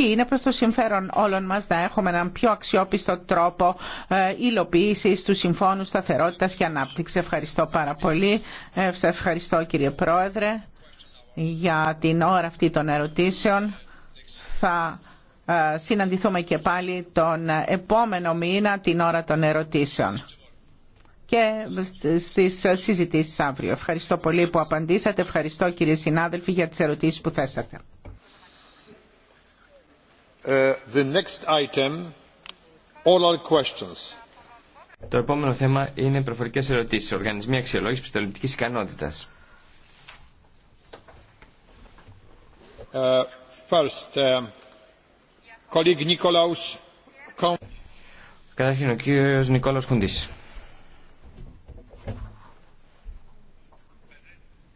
και είναι προς το συμφέρον όλων μας να έχουμε έναν πιο αξιόπιστο τρόπο ε, υλοποίησης του Συμφώνου Σταθερότητας και Ανάπτυξης. Ευχαριστώ πάρα πολύ. Σε ευχαριστώ κύριε Πρόεδρε για την ώρα αυτή των ερωτήσεων. Θα ε, συναντηθούμε και πάλι τον επόμενο μήνα την ώρα των ερωτήσεων και στις συζητήσεις αύριο. Ευχαριστώ πολύ που απαντήσατε. Ευχαριστώ κύριε συνάδελφοι για τις ερωτήσεις που θέσατε. Ε, Το επόμενο θέμα είναι προφορικές ερωτήσεις. Οργανισμοί αξιολόγησης πιστοληπτικής ικανότητας. Ε, ε, Καταρχήν ο κύριος Νικόλαος Κούντης.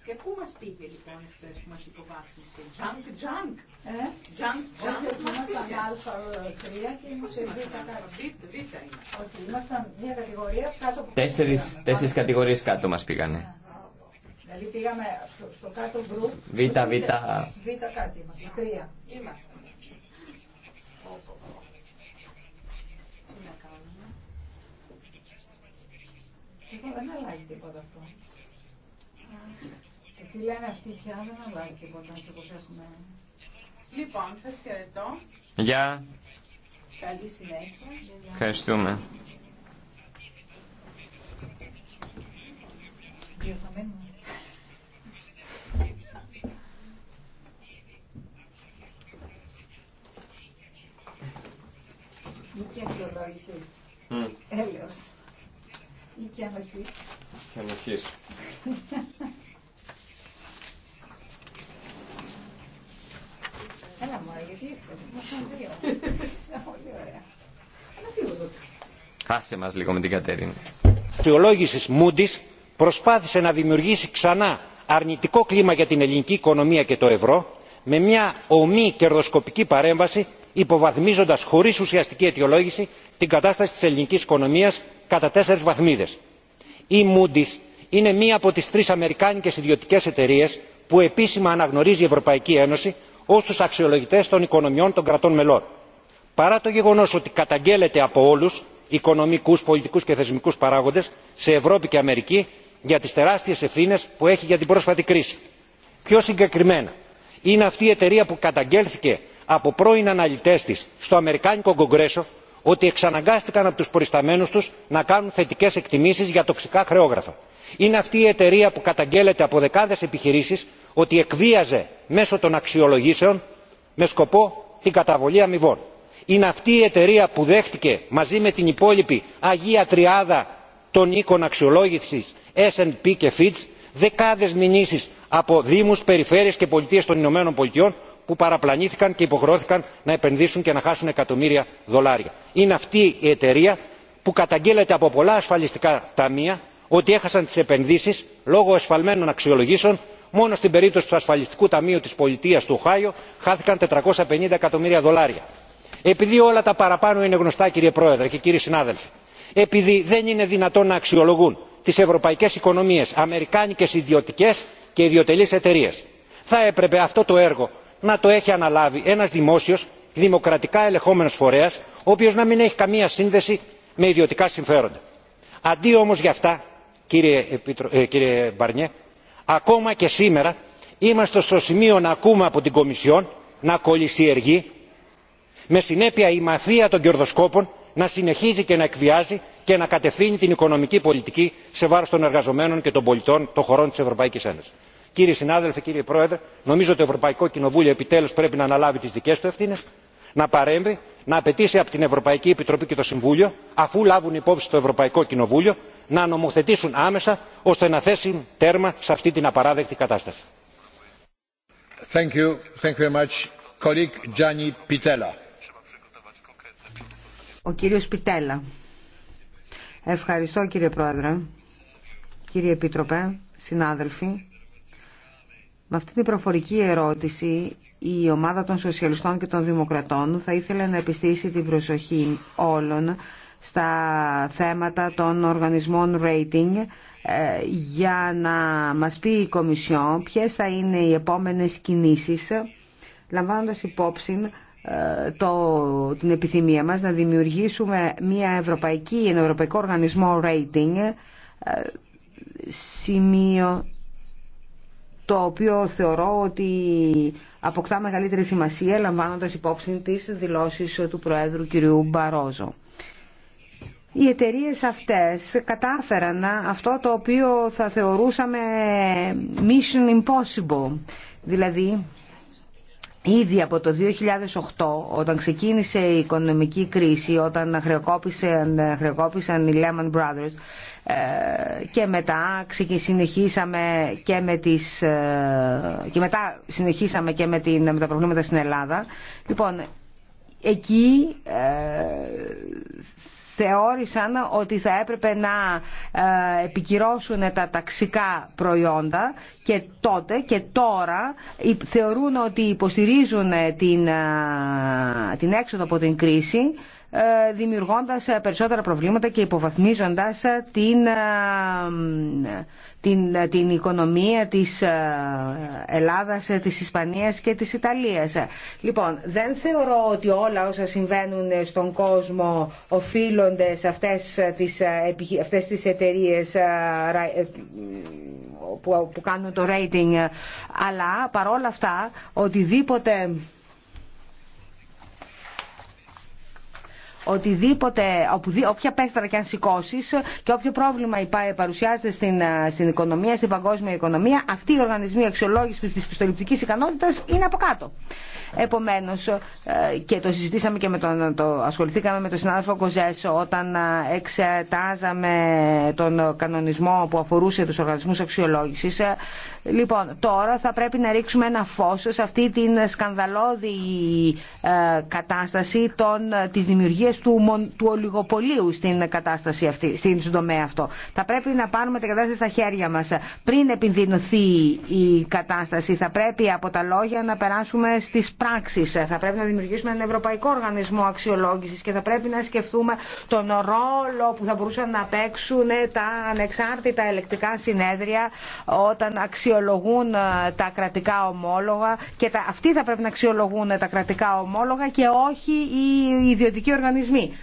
Και πού μας πήγε λοιπόν αυτές που μας υποβάθμισε, junk, junk. Τέσσερις, κατηγορίες κάτω μας πήγανε. Δηλαδή πήγαμε στο κάτω γκρουπ. Β, β. Β κάτι ήμασταν, τρία. Λοιπόν, δεν τίποτα αυτό. Ε, τι λένε αυτοί πια, δεν αλλάζει τίποτα, έχουμε Λοιπόν, σα χαιρετώ. Γεια. Καλή συνέχεια. Ευχαριστούμε. Υπότιτλοι AUTHORWAVE Έλα μωρέ, γιατί ήρθες. Μας δύο. μας λίγο με την Κατέρινη. αξιολόγηση Moody's προσπάθησε να δημιουργήσει ξανά αρνητικό κλίμα για την ελληνική οικονομία και το ευρώ με μια ομή κερδοσκοπική παρέμβαση υποβαθμίζοντας χωρίς ουσιαστική αιτιολόγηση την κατάσταση της ελληνικής οικονομίας κατά τέσσερις βαθμίδες. η moody's είναι μία από τις τρεις αμερικάνικες ιδιωτικές εταιρείες που επίσημα αναγνωρίζει η ευρωπαϊκή ένωση ω του αξιολογητές των οικονομιών των κρατών μελών. παρά το γεγονό ότι καταγγέλλεται από όλου οικονομικού, πολιτικού και θεσμικού παράγοντε σε ευρώπη και αμερική για τι τεράστιε ευθύνε που έχει για την πρόσφατη κρίση. πιο συγκεκριμένα είναι αυτή η εταιρεία που καταγγέλθηκε από πρώην αναλυτέ τη στο αμερικάνικο κογκρέσο ότι εξαναγκάστηκαν από του προϊσταμένου του να κάνουν θετικέ εκτιμήσει για τοξικά χρεόγραφα. είναι αυτή η εταιρεία που καταγγέλλεται από δεκάδε επιχειρήσει ότι εκβίαζε μέσω των αξιολογήσεων με σκοπό την καταβολή αμοιβών. είναι αυτή η εταιρεία που δέχτηκε μαζί με την υπόλοιπη αγία τριάδα των οίκων αξιολόγησης S&P και Fitch δεκάδες μηνύσεις από δήμους περιφέρειες και πολιτείες των ηνωμένων πολιτειών που παραπλανήθηκαν και υποχρεώθηκαν να επενδύσουν και να χάσουν εκατομμύρια δολάρια. είναι αυτή η εταιρεία που καταγγέλλεται από πολλά ασφαλιστικά ταμεία ότι έχασαν τις επενδύσεις λόγω εσφαλμένων αξιολογήσεων μόνο στην περίπτωση του ασφαλιστικού ταμείου της πολιτείας του οχάιο χάθηκαν 450 εκατομμύρια δολάρια. επειδή όλα τα παραπάνω είναι γνωστά κύριε πρόεδρε και κύριοι συνάδελφοι επειδή δεν είναι δυνατόν να αξιολογούν τις ευρωπαϊκές οικονομίες αμερικάνικες ιδιωτικές και ιδιωτελείς εταιρείες θα έπρεπε αυτό το έργο να το έχει αναλάβει ένας δημόσιος δημοκρατικά ελεγχόμενος φορέας ο οποίος να μην έχει καμία σύνδεση με ιδιωτικά συμφέροντα. αντί όμως για αυτά κύριε, ε, ακόμα και σήμερα είμαστε στο σημείο να ακούμε από την κομισιόν να κολυσιεργεί με συνέπεια η μαφία των κερδοσκόπων να συνεχίζει και να εκβιάζει και να κατευθύνει την οικονομική πολιτική σε βάρος των εργαζομένων και των πολιτών των χωρών της ευρωπαϊκής ένωσης. κύριοι συνάδελφοι κύριε πρόεδρε νομίζω ότι το ευρωπαϊκό κοινοβούλιο επιτέλους πρέπει να αναλάβει τις δικές του ευθύνες να παρέμβει να απαιτήσει από την ευρωπαϊκή επιτροπή και το συμβούλιο αφού λάβουν υπόψη το ευρωπαϊκό κοινοβούλιο να νομοθετήσουν άμεσα ώστε να θέσουν τέρμα σε αυτή την απαράδεκτη κατάσταση. Thank you. Thank you very much. Ο κύριος Πιτέλα. Ευχαριστώ κύριε Πρόεδρε, κύριε Επίτροπε, συνάδελφοι. Με αυτή την προφορική ερώτηση η ομάδα των Σοσιαλιστών και των Δημοκρατών θα ήθελε να επιστήσει την προσοχή όλων στα θέματα των οργανισμών rating ε, για να μας πει η Κομισιόν ποιες θα είναι οι επόμενες κινήσεις λαμβάνοντας υπόψη ε, το, την επιθυμία μας να δημιουργήσουμε μια ευρωπαϊκή, ένα ευρωπαϊκό οργανισμό rating ε, σημείο το οποίο θεωρώ ότι αποκτά μεγαλύτερη σημασία λαμβάνοντας υπόψη τις δηλώσεις του Προέδρου κ. Μπαρόζο οι εταιρείε αυτές κατάφεραν αυτό το οποίο θα θεωρούσαμε mission impossible. Δηλαδή, ήδη από το 2008, όταν ξεκίνησε η οικονομική κρίση, όταν χρεοκόπησαν, χρεοκόπησαν οι Lehman Brothers, ε, και μετά συνεχίσαμε και με τις ε, και μετά συνεχίσαμε και με, την, με τα προβλήματα στην Ελλάδα λοιπόν εκεί ε, θεώρησαν ότι θα έπρεπε να ε, επικυρώσουν τα ταξικά προϊόντα και τότε και τώρα θεωρούν ότι υποστηρίζουν ε, την, ε, την έξοδο από την κρίση ε, δημιουργώντας ε, περισσότερα προβλήματα και υποβαθμίζοντας ε, την, την, την οικονομία της Ελλάδας, της Ισπανίας και της Ιταλίας. Λοιπόν, δεν θεωρώ ότι όλα όσα συμβαίνουν στον κόσμο οφείλονται σε αυτές τις, αυτές τις εταιρείες που, που κάνουν το rating, αλλά παρόλα αυτά οτιδήποτε οτιδήποτε, όποια πέστρα και αν σηκώσει και όποιο πρόβλημα παρουσιάζεται στην, στην οικονομία, στην παγκόσμια οικονομία, αυτοί οι οργανισμοί αξιολόγηση τη πιστοληπτική ικανότητα είναι από κάτω. Επομένω, ε, και το συζητήσαμε και με τον, το ασχοληθήκαμε με τον συνάδελφο Κοζέσο όταν εξετάζαμε τον κανονισμό που αφορούσε του οργανισμού αξιολόγηση, ε, Λοιπόν, τώρα θα πρέπει να ρίξουμε ένα φως σε αυτή την σκανδαλώδη ε, κατάσταση των, ε, της δημιουργίας του, του ολιγοπολίου στην κατάσταση αυτή, στην τομέα αυτό. Θα πρέπει να πάρουμε την κατάσταση στα χέρια μας. Πριν επιδεινωθεί η κατάσταση, θα πρέπει από τα λόγια να περάσουμε στις πράξεις. Θα πρέπει να δημιουργήσουμε έναν Ευρωπαϊκό Οργανισμό Αξιολόγησης και θα πρέπει να σκεφτούμε τον ρόλο που θα μπορούσαν να παίξουν τα ανεξάρτητα ελεκτικά συνέδρια όταν αξιολογούν αξιολογούν ε, τα κρατικά ομόλογα και τα, αυτοί θα πρέπει να αξιολογούν ε, τα κρατικά ομόλογα και όχι οι ιδιωτικοί οργανισμοί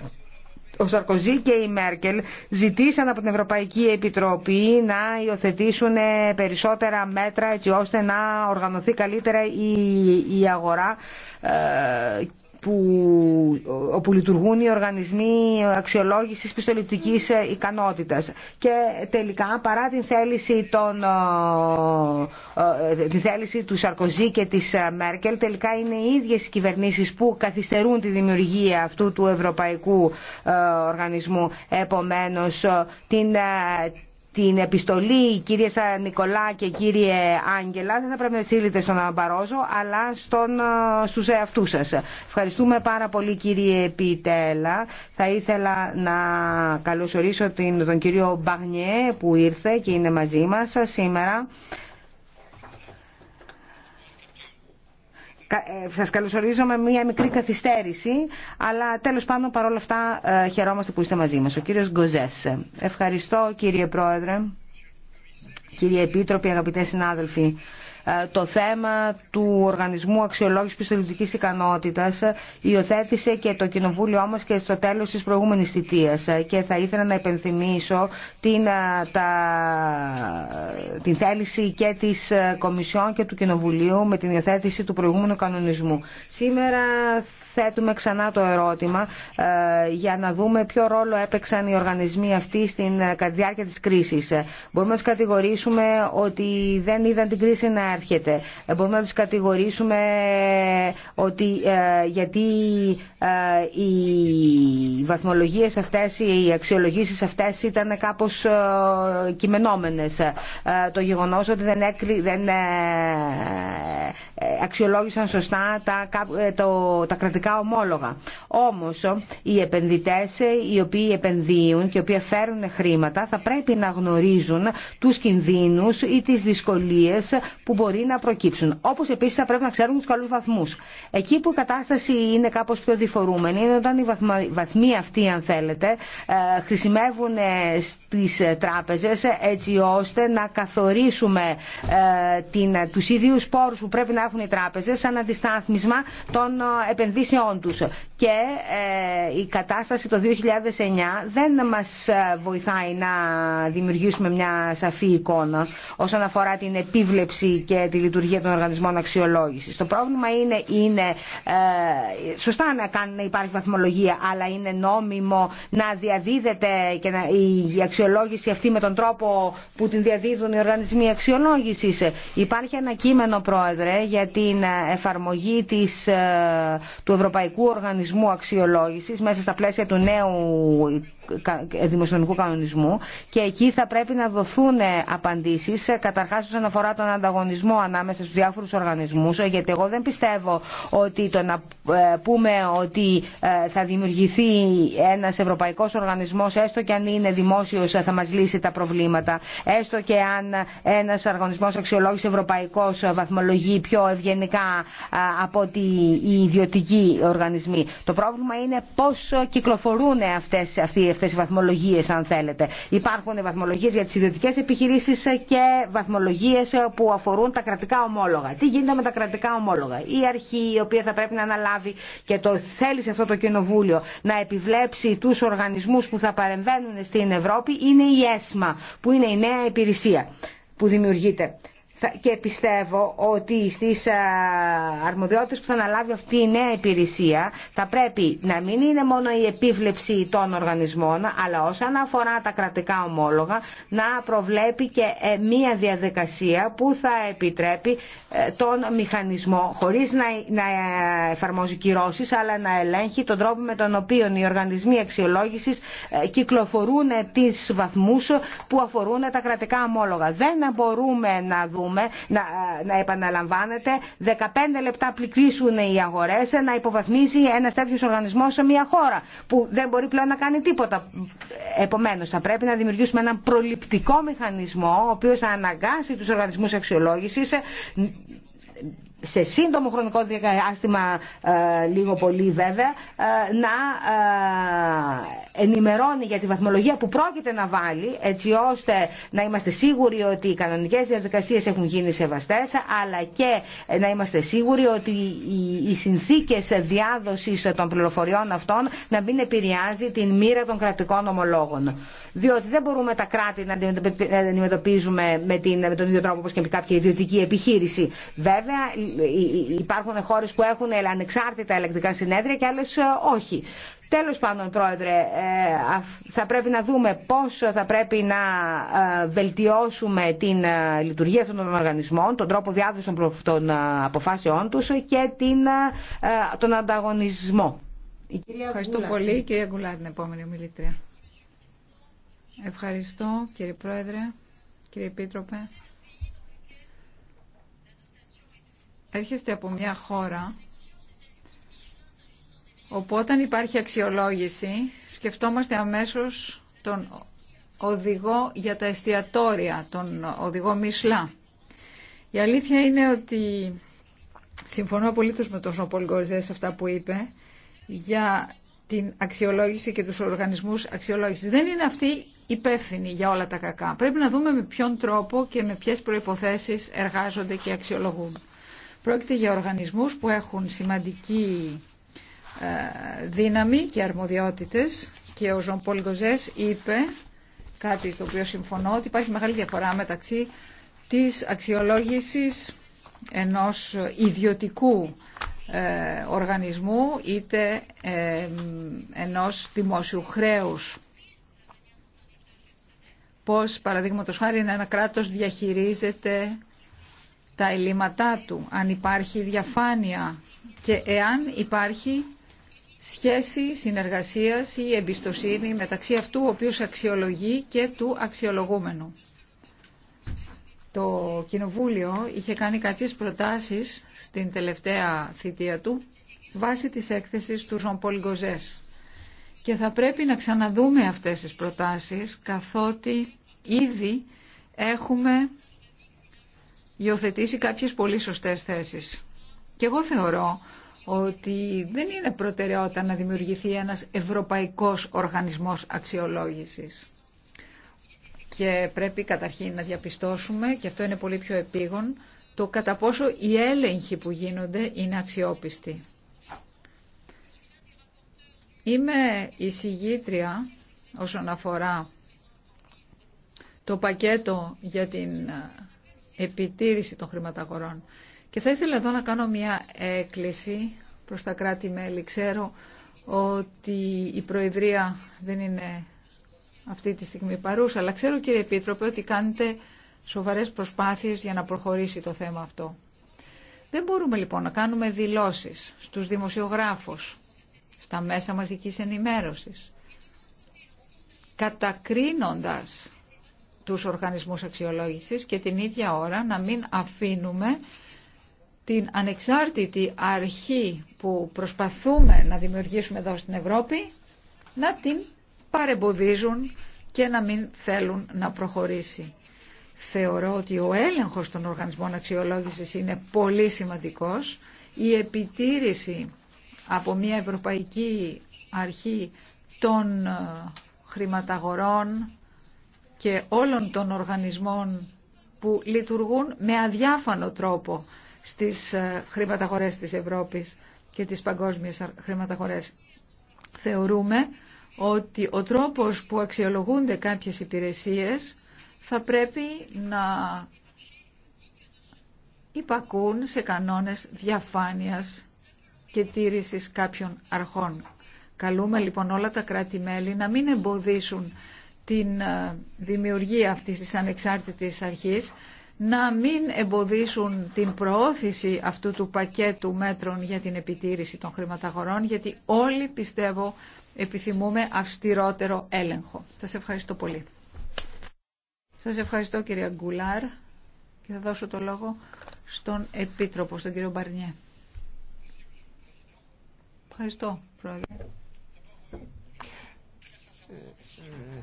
ο Σαρκοζή και η Μέρκελ ζητήσαν από την Ευρωπαϊκή Επιτροπή να υιοθετήσουν ε, περισσότερα μέτρα έτσι ώστε να οργανωθεί καλύτερα η, αγορά που, όπου λειτουργούν οι οργανισμοί αξιολόγησης πιστοληπτικής ε, ικανότητας. Και τελικά, παρά την θέληση, των, ε, ε, την θέληση του Σαρκοζή και της Μέρκελ, τελικά είναι οι ίδιες οι κυβερνήσεις που καθυστερούν τη δημιουργία αυτού του Ευρωπαϊκού Οργανισμού. Επομένως, την την επιστολή κύριε Σα Νικολά και κύριε Άγγελα δεν θα πρέπει να στείλετε στον Αμπαρόζο αλλά στον, στους εαυτούς σας. Ευχαριστούμε πάρα πολύ κύριε Πιτέλα. Θα ήθελα να καλωσορίσω τον κύριο Μπαγνιέ που ήρθε και είναι μαζί μας σήμερα. Ε, σας καλωσορίζω με μία μικρή καθυστέρηση, αλλά τέλος πάντων παρόλα αυτά ε, χαιρόμαστε που είστε μαζί μας. Ο κύριος Γκοζές. Ευχαριστώ κύριε Πρόεδρε, κύριε Επίτροπη, αγαπητές συνάδελφοι. Ε, το θέμα του Οργανισμού Αξιολόγησης Πιστοληπτικής Ικανότητας ε, υιοθέτησε και το Κοινοβούλιο μας και στο τέλος της προηγούμενης θητείας ε, και θα ήθελα να υπενθυμίσω την, τα, την θέληση και της Κομισιόν και του Κοινοβουλίου με την υιοθέτηση του προηγούμενου κανονισμού. Σήμερα θέτουμε ξανά το ερώτημα ε, για να δούμε ποιο ρόλο έπαιξαν οι οργανισμοί αυτοί στην ε, διάρκεια της κρίσης. Ε, μπορούμε να τους κατηγορήσουμε ότι δεν είδαν την κρίση να έρχεται. Μπορούμε να τους κατηγορήσουμε ότι γιατί οι βαθμολογίες αυτές, οι αξιολογήσεις αυτές ήταν κάπως κειμενόμενες. Το γεγονός ότι δεν, δεν αξιολόγησαν σωστά τα, το, τα Όμω, Όμως οι επενδυτέ οι οποίοι επενδύουν και οι οποίοι φέρουν χρήματα θα πρέπει να γνωρίζουν του κινδύνους ή τι δυσκολίε που μπορεί να προκύψουν. Όπω επίση θα πρέπει να ξέρουν του καλου βαθμού. Εκεί που η κατάσταση είναι κάπω πιο διφορούμενη είναι όταν οι βαθμοί αυτοί αν θέλετε ε, χρησιμεύουν ε, στι τράπεζε έτσι ώστε να καθορίσουμε ε, την, τους ίδιου πόρους που πρέπει να έχουν οι τράπεζε σαν αντιστάθμισμα των επενδύσεων θέσεών τους και ε, η κατάσταση το 2009 δεν μας ε, βοηθάει να δημιουργήσουμε μια σαφή εικόνα όσον αφορά την επίβλεψη και τη λειτουργία των οργανισμών αξιολόγησης. Το πρόβλημα είναι, είναι ε, σωστά να, κάνει, να υπάρχει βαθμολογία, αλλά είναι νόμιμο να διαδίδεται και να, η αξιολόγηση αυτή με τον τρόπο που την διαδίδουν οι οργανισμοί αξιολόγησης. Υπάρχει ένα κείμενο, Πρόεδρε, για την εφαρμογή της, του Ευρωπαϊκού Οργανισμού μηχανισμού αξιολόγησης μέσα στα πλαίσια του νέου δημοσιονομικού κανονισμού και εκεί θα πρέπει να δοθούν ε, απαντήσεις ε, καταρχάς όσον αφορά τον ανταγωνισμό ανάμεσα στους διάφορους οργανισμούς ε, γιατί εγώ δεν πιστεύω ότι το να πούμε ότι θα δημιουργηθεί ένας ευρωπαϊκός οργανισμός έστω και αν είναι δημόσιος θα μας λύσει τα προβλήματα έστω και αν ένας οργανισμός αξιολόγηση ευρωπαϊκός βαθμολογεί πιο ευγενικά από ότι οι ιδιωτικοί οργανισμοί. Το πρόβλημα είναι πώ κυκλοφορούν αυτές, αυτοί αυτέ οι βαθμολογίε, αν θέλετε. Υπάρχουν βαθμολογίες για τις ιδιωτικέ επιχειρήσεις και βαθμολογίες που αφορούν τα κρατικά ομόλογα. Τι γίνεται με τα κρατικά ομόλογα. Η αρχή η οποία θα πρέπει να αναλάβει και το θέλει σε αυτό το κοινοβούλιο να επιβλέψει τους οργανισμούς που θα παρεμβαίνουν στην Ευρώπη είναι η ΕΣΜΑ που είναι η νέα υπηρεσία που δημιουργείται και πιστεύω ότι στις αρμοδιότητες που θα αναλάβει αυτή η νέα υπηρεσία θα πρέπει να μην είναι μόνο η επίβλεψη των οργανισμών αλλά όσον αφορά τα κρατικά ομόλογα να προβλέπει και ε, μία διαδικασία που θα επιτρέπει ε, τον μηχανισμό χωρίς να εφαρμόζει κυρώσεις αλλά να ελέγχει τον τρόπο με τον οποίο οι οργανισμοί αξιολόγησης ε, κυκλοφορούν τις βαθμούς που αφορούν τα κρατικά ομόλογα. Δεν μπορούμε να δούμε να, να επαναλαμβάνεται 15 λεπτά πληκρίσουν οι αγορέ να υποβαθμίζει ένα τέτοιο οργανισμό σε μια χώρα που δεν μπορεί πλέον να κάνει τίποτα. Επομένω, θα πρέπει να δημιουργήσουμε έναν προληπτικό μηχανισμό ο οποίο θα αναγκάσει του οργανισμού αξιολόγηση σε σύντομο χρονικό διάστημα, ε, λίγο πολύ βέβαια, ε, να ε, ενημερώνει για τη βαθμολογία που πρόκειται να βάλει, έτσι ώστε να είμαστε σίγουροι ότι οι κανονικές διαδικασίες έχουν γίνει σεβαστές, αλλά και να είμαστε σίγουροι ότι οι συνθήκες διάδοσης των πληροφοριών αυτών να μην επηρεάζει την μοίρα των κρατικών ομολόγων. Διότι δεν μπορούμε τα κράτη να αντιμετωπίζουμε με, την, με τον ίδιο τρόπο όπως και με κάποια ιδιωτική επιχείρηση. Βέβαια, υπάρχουν χώρες που έχουν ανεξάρτητα ελεκτικά συνέδρια και άλλες ε, όχι. Τέλος πάντων, Πρόεδρε, ε, θα πρέπει να δούμε πώς θα πρέπει να ε, βελτιώσουμε την λειτουργία αυτών των οργανισμών, τον τρόπο διάδοση των αποφάσεών τους και την, τον ανταγωνισμό. Ευχαριστώ πολύ, κυρία Γκουλά, την επόμενη ομιλήτρια. Ευχαριστώ, κύριε Πρόεδρε, κύριε Επίτροπε. έρχεστε από μια χώρα όπου όταν υπάρχει αξιολόγηση σκεφτόμαστε αμέσως τον οδηγό για τα εστιατόρια, τον οδηγό Μισλά. Η αλήθεια είναι ότι συμφωνώ απολύτως με τον Σοπολ σε αυτά που είπε για την αξιολόγηση και τους οργανισμούς αξιολόγησης. Δεν είναι αυτή υπεύθυνη για όλα τα κακά. Πρέπει να δούμε με ποιον τρόπο και με ποιες προϋποθέσεις εργάζονται και αξιολογούν. Πρόκειται για οργανισμούς που έχουν σημαντική ε, δύναμη και αρμοδιότητες και ο Ζων Πολ είπε κάτι το οποίο συμφωνώ ότι υπάρχει μεγάλη διαφορά μεταξύ της αξιολόγησης ενός ιδιωτικού ε, οργανισμού είτε ε, ενός δημόσιου χρέους. Πώς, παραδείγματος χάρη, ένα κράτος διαχειρίζεται τα ελλείμματά του, αν υπάρχει διαφάνεια και εάν υπάρχει σχέση συνεργασίας ή εμπιστοσύνη μεταξύ αυτού ο οποίος αξιολογεί και του αξιολογούμενου. Το Κοινοβούλιο είχε κάνει κάποιες προτάσεις στην τελευταία θητεία του βάσει της έκθεσης του Ζων Και θα πρέπει να ξαναδούμε αυτές τις προτάσεις καθότι ήδη έχουμε υιοθετήσει κάποιες πολύ σωστές θέσεις. Και εγώ θεωρώ ότι δεν είναι προτεραιότητα να δημιουργηθεί ένας ευρωπαϊκός οργανισμός αξιολόγησης. Και πρέπει καταρχήν να διαπιστώσουμε, και αυτό είναι πολύ πιο επίγον, το κατά πόσο οι έλεγχοι που γίνονται είναι αξιόπιστοι. Είμαι εισηγήτρια όσον αφορά το πακέτο για την επιτήρηση των χρηματαγορών. Και θα ήθελα εδώ να κάνω μια έκκληση προς τα κράτη-μέλη. Ξέρω ότι η Προεδρία δεν είναι αυτή τη στιγμή παρούσα, αλλά ξέρω κύριε Επίτροπε ότι κάνετε σοβαρές προσπάθειες για να προχωρήσει το θέμα αυτό. Δεν μπορούμε λοιπόν να κάνουμε δηλώσεις στους δημοσιογράφους, στα μέσα μαζικής ενημέρωσης, κατακρίνοντας τους οργανισμούς αξιολόγησης και την ίδια ώρα να μην αφήνουμε την ανεξάρτητη αρχή που προσπαθούμε να δημιουργήσουμε εδώ στην Ευρώπη να την παρεμποδίζουν και να μην θέλουν να προχωρήσει. Θεωρώ ότι ο έλεγχος των οργανισμών αξιολόγησης είναι πολύ σημαντικός. Η επιτήρηση από μια ευρωπαϊκή αρχή των ε, χρηματαγορών, και όλων των οργανισμών που λειτουργούν με αδιάφανο τρόπο στις ε, χρηματαχωρές της Ευρώπης και τις παγκόσμιες χρηματαχωρές. Θεωρούμε ότι ο τρόπος που αξιολογούνται κάποιες υπηρεσίες θα πρέπει να υπακούν σε κανόνες διαφάνειας και τήρησης κάποιων αρχών. Καλούμε λοιπόν όλα τα κράτη-μέλη να μην εμποδίσουν την ε, δημιουργία αυτής της ανεξάρτητης αρχής να μην εμποδίσουν την προώθηση αυτού του πακέτου μέτρων για την επιτήρηση των χρηματαγορών, γιατί όλοι πιστεύω επιθυμούμε αυστηρότερο έλεγχο. Σας ευχαριστώ πολύ. Σας ευχαριστώ κυρία Γκουλάρ και θα δώσω το λόγο στον Επίτροπο, στον κύριο Μπαρνιέ. Ευχαριστώ, Πρόεδρε.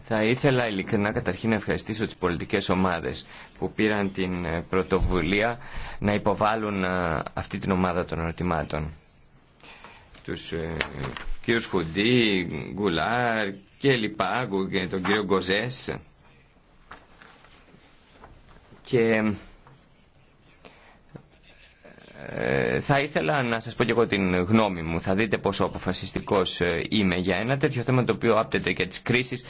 Θα ήθελα ειλικρινά καταρχήν να ευχαριστήσω τις πολιτικές ομάδες που πήραν την ε, πρωτοβουλία να υποβάλουν ε, αυτή την ομάδα των ερωτημάτων. Τους ε, κύριους Χουντή, Γκουλάρ και λοιπά, και τον κύριο Γκοζές. Και ε, θα ήθελα να σας πω και εγώ την γνώμη μου. Θα δείτε πόσο αποφασιστικός είμαι για ένα τέτοιο θέμα το οποίο άπτεται και της κρίσης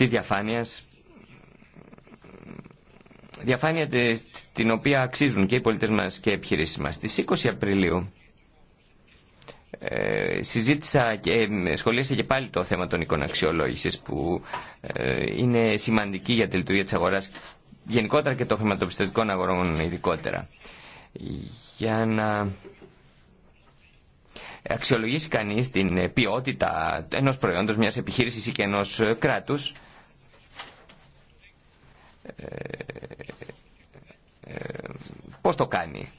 της διαφάνειας διαφάνεια την οποία αξίζουν και οι πολίτες μας και οι επιχειρήσεις μας. Στις 20 Απριλίου ε, συζήτησα και ε, σχολίασα και πάλι το θέμα των εικόνων που ε, είναι σημαντική για τη λειτουργία της αγοράς γενικότερα και των χρηματοπιστωτικών αγορών ειδικότερα. Για να αξιολογήσει κανείς την ποιότητα ενός προϊόντος, μιας επιχείρησης ή και ενός ε, κράτους, ε, ε, ε, πώς το κάνει.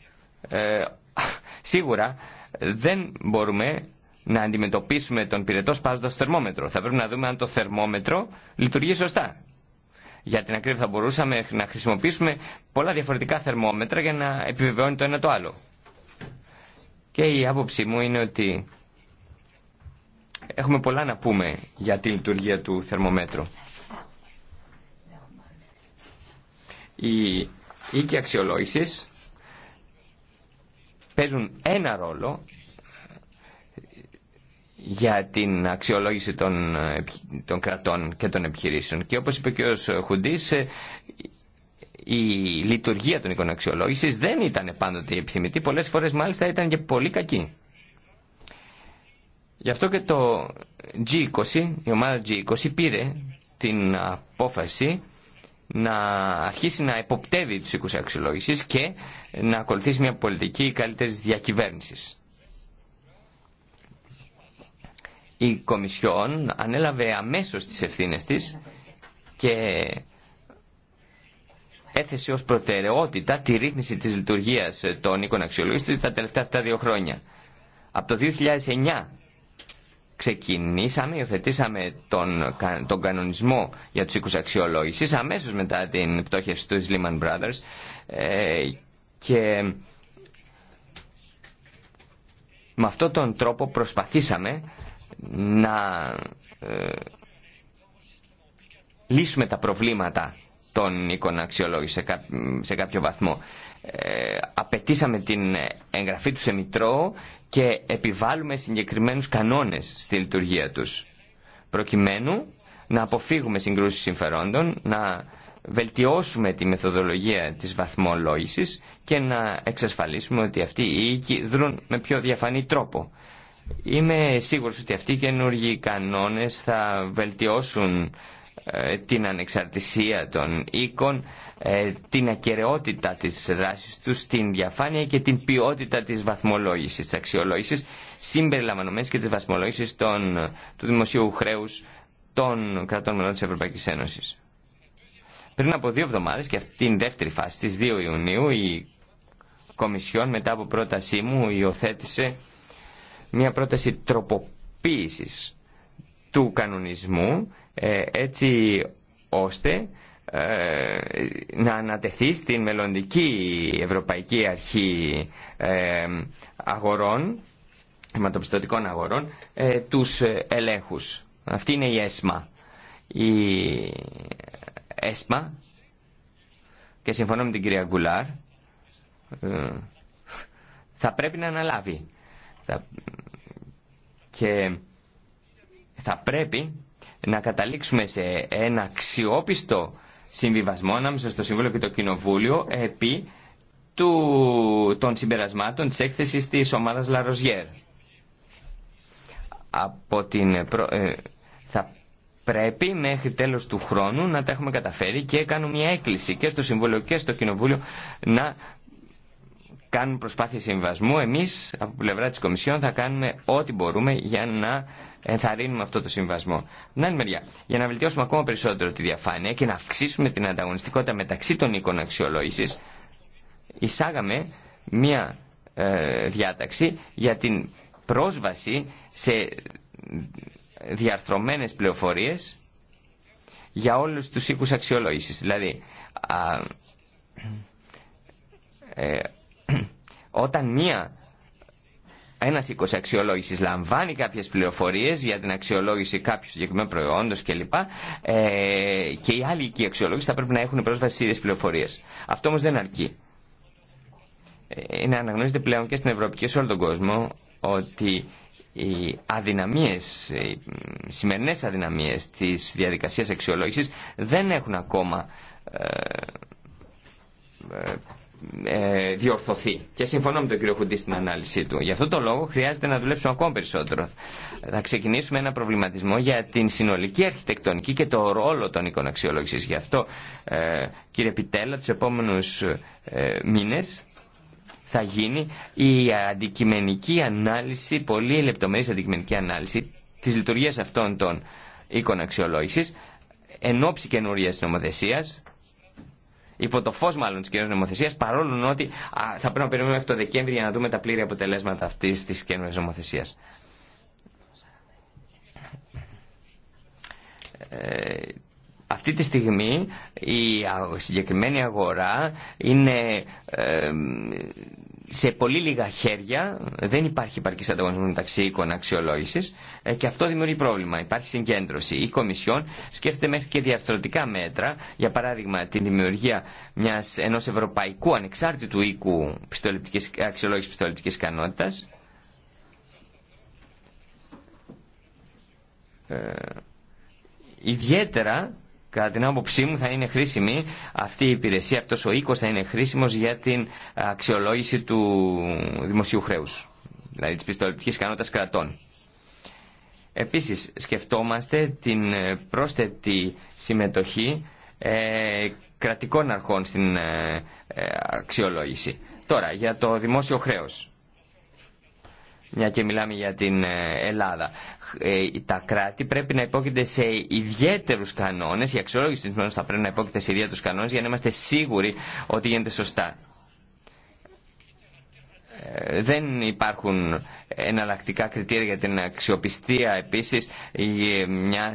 Σίγουρα δεν μπορούμε να αντιμετωπίσουμε τον πυρετό σπάζοντας το θερμόμετρο. Θα πρέπει να δούμε αν το θερμόμετρο λειτουργεί σωστά. Για την ακρίβεια θα μπορούσαμε να χρησιμοποιήσουμε πολλά διαφορετικά θερμόμετρα για να επιβεβαιώνει το ένα το άλλο. Και η άποψή μου είναι ότι έχουμε πολλά να πούμε για τη λειτουργία του θερμομέτρου. οι οίκοι αξιολόγηση παίζουν ένα ρόλο για την αξιολόγηση των, των κρατών και των επιχειρήσεων. Και όπως είπε και ο Χουντής, η λειτουργία των οίκων αξιολόγηση δεν ήταν πάντοτε επιθυμητή, πολλές φορές μάλιστα ήταν και πολύ κακή. Γι' αυτό και το G20, η ομάδα G20 πήρε την απόφαση να αρχίσει να εποπτεύει τους οίκους αξιολόγησης και να ακολουθήσει μια πολιτική καλύτερης διακυβέρνησης. Η Κομισιόν ανέλαβε αμέσως τις ευθύνες της και έθεσε ως προτεραιότητα τη ρύθμιση της λειτουργίας των οίκων αξιολόγησης τα τελευταία αυτά δύο χρόνια. Από το 2009 ξεκινήσαμε, υιοθετήσαμε τον, τον κανονισμό για τους οίκους αξιολόγησης αμέσως μετά την πτώχευση του Lehman Brothers ε, και με αυτόν τον τρόπο προσπαθήσαμε να ε, λύσουμε τα προβλήματα των οίκων αξιολόγηση σε, κάποιο βαθμό. Ε, απαιτήσαμε την εγγραφή του σε Μητρό και επιβάλλουμε συγκεκριμένους κανόνες στη λειτουργία τους προκειμένου να αποφύγουμε συγκρούσεις συμφερόντων, να βελτιώσουμε τη μεθοδολογία της βαθμολόγησης και να εξασφαλίσουμε ότι αυτοί οι οίκοι δρούν με πιο διαφανή τρόπο. Είμαι σίγουρος ότι αυτοί οι καινούργιοι κανόνες θα βελτιώσουν ε, την ανεξαρτησία των οίκων, ε, την ακαιρεότητα της δράσης τους, την διαφάνεια και την ποιότητα της βαθμολόγησης, της αξιολόγησης, συμπεριλαμβανομένης και της βαθμολόγησης των, του δημοσίου χρέους των κρατών μελών της Ευρωπαϊκής Ένωσης. Πριν από δύο εβδομάδες και αυτή την δεύτερη φάση, στις 2 Ιουνίου, η Κομισιόν μετά από πρότασή μου υιοθέτησε μια πρόταση τροποποίησης του κανονισμού ε, έτσι ώστε ε, να ανατεθεί στην μελλοντική Ευρωπαϊκή Αρχή ε, Αγορών, Χρηματοπιστωτικών Αγορών, τους ελέγχους. Αυτή είναι η ΕΣΜΑ. Η ΕΣΜΑ, και συμφωνώ με την κυρία Γκουλάρ, θα πρέπει να αναλάβει. Και θα πρέπει να καταλήξουμε σε ένα αξιόπιστο συμβιβασμό ανάμεσα στο σύμβολο και το Κοινοβούλιο επί του, των συμπερασμάτων της έκθεσης της ομάδας Λαροζιέρ. Από την, ε, θα πρέπει μέχρι τέλος του χρόνου να τα έχουμε καταφέρει και κάνουμε μια έκκληση και στο Συμβούλιο και στο Κοινοβούλιο να κάνουν προσπάθειες συμβασμού. Εμείς από πλευρά της Κομισιόν θα κάνουμε ό,τι μπορούμε για να ενθαρρύνουμε αυτό το συμβασμό. Να είναι μεριά, για να βελτιώσουμε ακόμα περισσότερο τη διαφάνεια και να αυξήσουμε την ανταγωνιστικότητα μεταξύ των οίκων αξιολόγηση, εισάγαμε μία ε, διάταξη για την πρόσβαση σε διαρθρωμένες πληροφορίες για όλους τους οίκους αξιολόγησης. Δηλαδή, α, ε, όταν μία, ένας οίκος αξιολόγησης λαμβάνει κάποιες πληροφορίες για την αξιολόγηση κάποιου συγκεκριμένου προϊόντος κλπ. Ε, και οι άλλοι οίκοι αξιολόγηση θα πρέπει να έχουν πρόσβαση στις πληροφορίες. Αυτό όμως δεν αρκεί. Ε, είναι αναγνωρίζεται πλέον και στην Ευρώπη και σε όλο τον κόσμο ότι οι αδυναμίες, οι σημερινές αδυναμίες της διαδικασίας αξιολόγησης δεν έχουν ακόμα ε, ε, ε, διορθωθεί. Και συμφωνώ με τον κύριο Χουντή στην ανάλυση του. Γι' αυτό το λόγο χρειάζεται να δουλέψουμε ακόμα περισσότερο. Θα ξεκινήσουμε ένα προβληματισμό για την συνολική αρχιτεκτονική και το ρόλο των εικοναξιολόγηση. Γι' αυτό, ε, κύριε Πιτέλα, του επόμενου ε, μήνε θα γίνει η αντικειμενική ανάλυση, πολύ λεπτομερή αντικειμενική ανάλυση τη λειτουργία αυτών των εικοναξιολόγηση. εν ώψη υπό το φως μάλλον της καινούργιας νομοθεσίας, παρόλο ότι θα πρέπει να περιμένουμε μέχρι το Δεκέμβρη για να δούμε τα πλήρη αποτελέσματα αυτής της καινούργιας νομοθεσίας. Ε, αυτή τη στιγμή η συγκεκριμένη αγορά είναι ε, σε πολύ λίγα χέρια δεν υπάρχει υπαρκή ανταγωνισμό μεταξύ οίκων αξιολόγηση ε, και αυτό δημιουργεί πρόβλημα. Υπάρχει συγκέντρωση. Η Κομισιόν σκέφτεται μέχρι και διαρθρωτικά μέτρα, για παράδειγμα τη δημιουργία ενό ευρωπαϊκού ανεξάρτητου οίκου αξιολόγηση πιστοληπτική ικανότητα. Ε, ιδιαίτερα Κατά την άποψή μου θα είναι χρήσιμη αυτή η υπηρεσία, αυτός ο οίκος θα είναι χρήσιμος για την αξιολόγηση του δημοσίου χρέους, δηλαδή της πιστοληπτικής ικανότητας κρατών. Επίσης σκεφτόμαστε την πρόσθετη συμμετοχή ε, κρατικών αρχών στην ε, ε, αξιολόγηση. Τώρα, για το δημόσιο χρέος μια και μιλάμε για την ε, Ελλάδα. Ε, τα κράτη πρέπει να υπόκειται σε ιδιαίτερου κανόνε, η αξιολόγηση των θα πρέπει να υπόκειται σε ιδιαίτερου κανόνε για να είμαστε σίγουροι ότι γίνεται σωστά. Ε, δεν υπάρχουν εναλλακτικά κριτήρια για την αξιοπιστία επίσης,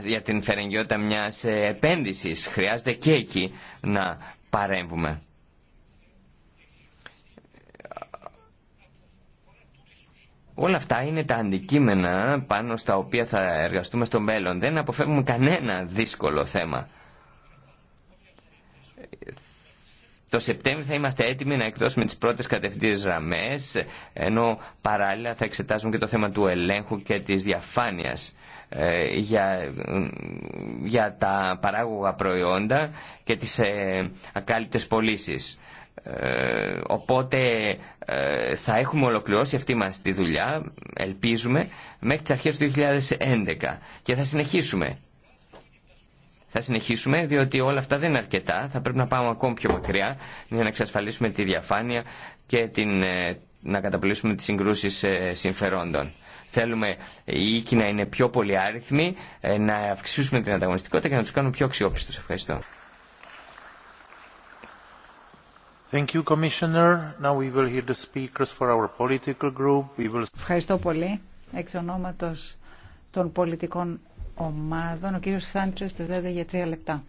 για την φερεγγιότητα μιας επένδυσης. Χρειάζεται και εκεί να παρέμβουμε. Όλα αυτά είναι τα αντικείμενα πάνω στα οποία θα εργαστούμε στο μέλλον. Δεν αποφεύγουμε κανένα δύσκολο θέμα. Το Σεπτέμβριο θα είμαστε έτοιμοι να εκδώσουμε τις πρώτες κατευθύνσεις ραμές ενώ παράλληλα θα εξετάζουμε και το θέμα του ελέγχου και της διαφάνειας ε, για, για τα παράγωγα προϊόντα και τις ε, ακάλυπτες πωλήσει. Ε, οπότε ε, θα έχουμε ολοκληρώσει αυτή μας τη δουλειά, ελπίζουμε, μέχρι τις αρχές του 2011 και θα συνεχίσουμε. Θα συνεχίσουμε διότι όλα αυτά δεν είναι αρκετά, θα πρέπει να πάμε ακόμη πιο μακριά για να εξασφαλίσουμε τη διαφάνεια και την, ε, να καταπολύσουμε τις συγκρούσεις συμφερόντων. Θέλουμε οι οίκοι να είναι πιο πολυάριθμοι, να αυξήσουμε την ανταγωνιστικότητα και να τους κάνουμε πιο αξιόπιστους. Ευχαριστώ. Ευχαριστώ πολύ. Εξ ονόματος των πολιτικών ομάδων, ο κύριος Σάντσες προσθέτει για τρία λεπτά.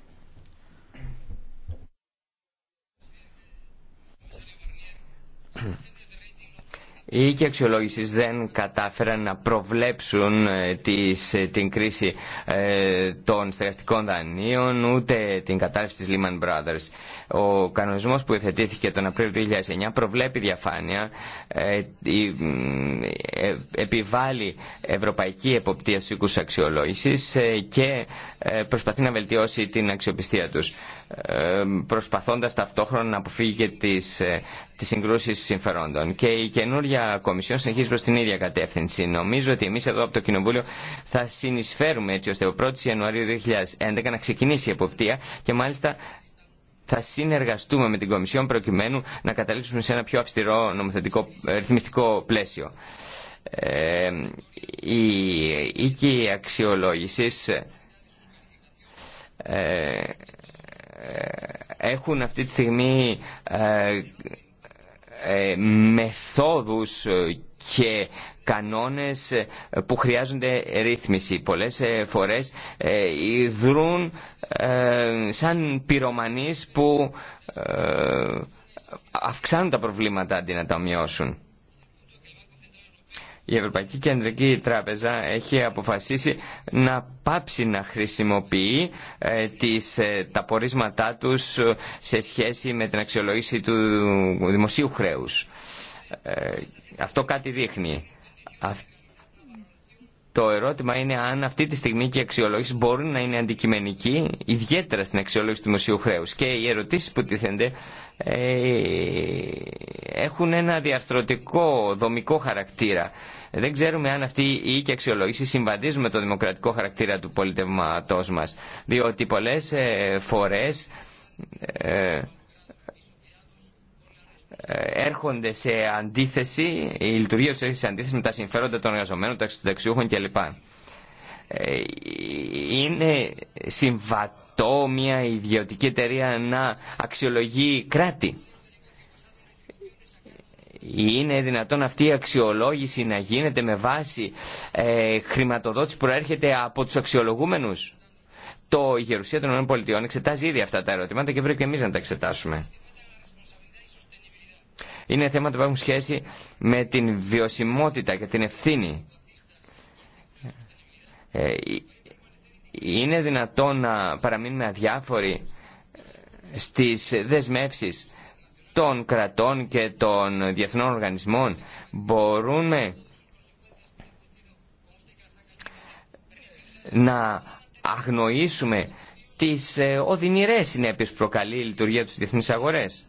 Οι οίκοι αξιολόγηση δεν κατάφεραν να προβλέψουν ε, τις, ε, την κρίση ε, των στεγαστικών δανείων ούτε την κατάρρευση της Lehman Brothers. Ο κανονισμός που εθετήθηκε τον Απρίλιο του 2009 προβλέπει διαφάνεια, επιβάλλει ευρωπαϊκή εποπτεία στους οίκους αξιολόγησης και προσπαθεί να βελτιώσει την αξιοπιστία τους προσπαθώντας ταυτόχρονα να αποφύγει και τις, τις συγκρούσεις συμφερόντων. Και η καινούργια ίδια Κομισιόν συνεχίζει προ την ίδια κατεύθυνση. Νομίζω ότι εμεί εδώ από το Κοινοβούλιο θα συνεισφέρουμε έτσι ώστε ο 1η Ιανουαρίου 2011 να ξεκινήσει η εποπτεία και μάλιστα θα συνεργαστούμε με την Κομισιόν προκειμένου να καταλήξουμε σε ένα πιο αυστηρό νομοθετικό ε, ρυθμιστικό πλαίσιο. Ε, η οίκη ε, ε, έχουν αυτή τη στιγμή ε, ε, μεθόδους ε, και κανόνες ε, που χρειάζονται ρύθμιση. Πολλές φορές ιδρούν σαν πυρομανείς που αυξάνουν τα προβλήματα αντί να τα μειώσουν η Ευρωπαϊκή Κεντρική Τράπεζα έχει αποφασίσει να πάψει να χρησιμοποιεί ε, τις, ε, τα πορίσματά τους σε σχέση με την αξιολόγηση του δημοσίου χρέους. Ε, αυτό κάτι δείχνει. Το ερώτημα είναι αν αυτή τη στιγμή και οι αξιολόγηση μπορούν να είναι αντικειμενικοί, ιδιαίτερα στην αξιολόγηση του δημοσίου χρέου. Και οι ερωτήσει που τίθενται ε, έχουν ένα διαρθρωτικό, δομικό χαρακτήρα. Δεν ξέρουμε αν αυτή η οίκη αξιολόγηση συμβαδίζουν με το δημοκρατικό χαρακτήρα του πολιτευματό μα. Διότι πολλέ ε, φορέ. Ε, ε, έρχονται σε αντίθεση, η λειτουργία τους έρχεται σε αντίθεση με τα συμφέροντα των εργαζομένων, των ταξιούχων κλπ. Ε, είναι συμβατό μια ιδιωτική εταιρεία να αξιολογεί κράτη. Είναι δυνατόν αυτή η αξιολόγηση να γίνεται με βάση ε, χρηματοδότηση που προέρχεται από τους αξιολογούμενους. Το Γερουσία των ΗΠΑ εξετάζει ήδη αυτά τα ερωτήματα και πρέπει και εμείς να τα εξετάσουμε είναι θέματα που έχουν σχέση με την βιωσιμότητα και την ευθύνη. Ε, είναι δυνατόν να παραμείνουμε αδιάφοροι ε, στις δεσμεύσεις των κρατών και των διεθνών οργανισμών. Μπορούμε να αγνοήσουμε τις ε, οδυνηρές συνέπειες που προκαλεί η λειτουργία τους διεθνείς αγορές.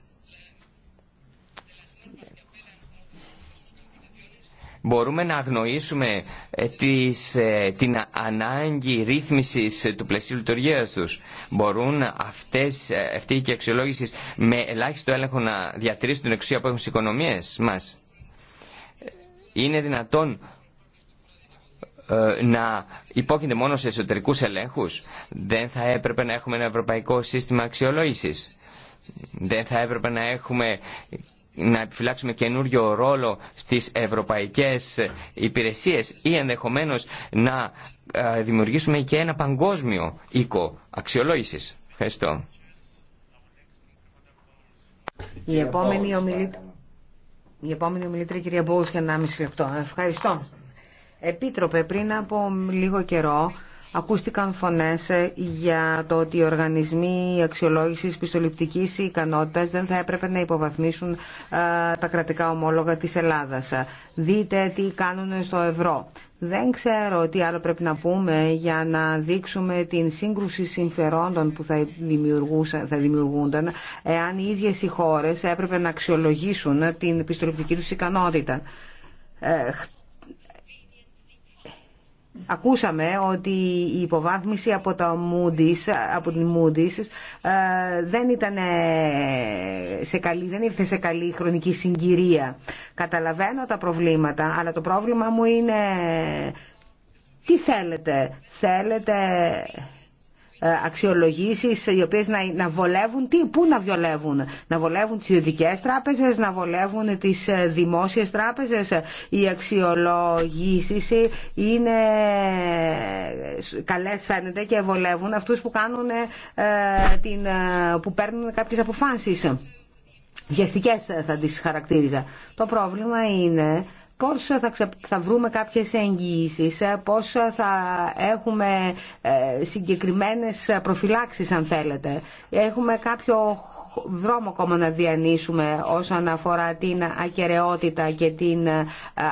Μπορούμε να αγνοήσουμε ε, τις, ε, την ανάγκη ρύθμισης ε, του πλαισίου λειτουργίας τους. Μπορούν αυτές, αυτοί οι αξιολόγηση με ελάχιστο έλεγχο να διατηρήσουν την εξουσία που έχουν στις οικονομίες μας. Είναι δυνατόν να υπόκεινται μόνο σε εσωτερικούς ελέγχους. Δεν θα έπρεπε να έχουμε ένα ευρωπαϊκό σύστημα αξιολόγησης. Δεν θα έπρεπε να έχουμε να επιφυλάξουμε καινούριο ρόλο στις ευρωπαϊκές υπηρεσίες ή ενδεχομένως να ε, δημιουργήσουμε και ένα παγκόσμιο οίκο αξιολόγησης. Ευχαριστώ. Η επόμενη, ομιλή... η επομενη ομιλητρια ομιλήτρια κυρία Μπούλς, για 1,5 λεπτό. Ευχαριστώ. Επίτροπε, πριν από λίγο καιρό Ακούστηκαν φωνές ε, για το ότι οι οργανισμοί αξιολόγησης πιστοληπτικής ικανότητας δεν θα έπρεπε να υποβαθμίσουν ε, τα κρατικά ομόλογα της Ελλάδας. Δείτε τι κάνουν στο ευρώ. Δεν ξέρω τι άλλο πρέπει να πούμε για να δείξουμε την σύγκρουση συμφερόντων που θα, θα δημιουργούνταν εάν οι ίδιες οι χώρες έπρεπε να αξιολογήσουν την πιστοληπτική τους ικανότητα ε, Ακούσαμε ότι η υποβάθμιση από, το Moody's, από την Moody's ε, δεν, ήταν σε καλή, δεν ήρθε σε καλή χρονική συγκυρία. Καταλαβαίνω τα προβλήματα, αλλά το πρόβλημα μου είναι τι θέλετε. Θέλετε ε, αξιολογήσει, οι οποίε να, να βολεύουν, τι, πού να βιολεύουν, να βολεύουν τις ιδιωτικές τράπεζες, να βολεύουν τις ε, δημόσιες τράπεζες. Οι αξιολογήσεις είναι ε, καλές φαίνεται και βολεύουν αυτούς που, να βιολευουν να βολευουν τις ιδιωτικε τραπεζες να βολευουν τις δημοσιες τραπεζες οι αξιολογησεις ειναι καλες φαινεται και βολευουν αυτους που την, που παίρνουν κάποιες αποφασει βιαστικε θα τις χαρακτήριζα. Το πρόβλημα είναι πώς θα, βρούμε κάποιες εγγυήσεις, πώς θα έχουμε ε, συγκεκριμένες προφυλάξεις αν θέλετε. Έχουμε κάποιο δρόμο ακόμα να διανύσουμε όσον αφορά την ακαιρεότητα και την ε,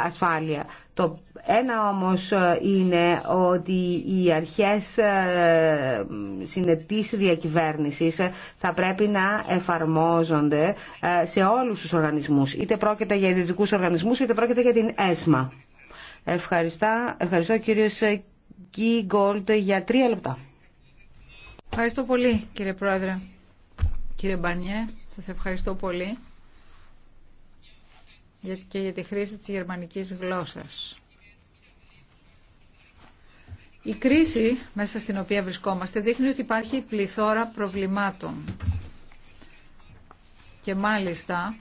ασφάλεια. Το ένα όμως ε, είναι ότι οι αρχές ε, συνετής διακυβέρνησης ε, θα πρέπει να εφαρμόζονται σε όλους τους οργανισμούς. Είτε πρόκειται για ιδιωτικούς οργανισμούς, είτε πρόκειται για την ΕΣΜΑ. Ευχαριστώ, ευχαριστώ κύριος Γκίγκολτ για τρία λεπτά. Ευχαριστώ πολύ κύριε Πρόεδρε. Κύριε Μπανιέ, σας ευχαριστώ πολύ και για τη χρήση της γερμανικής γλώσσας. Η κρίση μέσα στην οποία βρισκόμαστε δείχνει ότι υπάρχει πληθώρα προβλημάτων. Και μάλιστα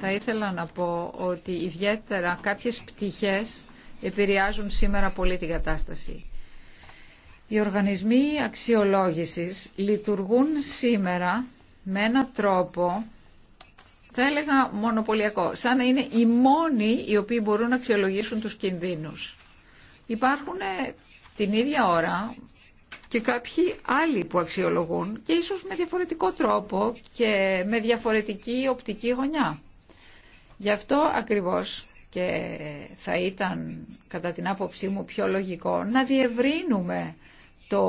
θα ήθελα να πω ότι ιδιαίτερα κάποιες πτυχές επηρεάζουν σήμερα πολύ την κατάσταση. Οι οργανισμοί αξιολόγησης λειτουργούν σήμερα με έναν τρόπο θα έλεγα μονοπωλιακό, σαν να είναι οι μόνοι οι οποίοι μπορούν να αξιολογήσουν τους κινδύνους. Υπάρχουν ε, την ίδια ώρα και κάποιοι άλλοι που αξιολογούν και ίσως με διαφορετικό τρόπο και με διαφορετική οπτική γωνιά. Γι' αυτό ακριβώς και θα ήταν κατά την άποψή μου πιο λογικό να διευρύνουμε το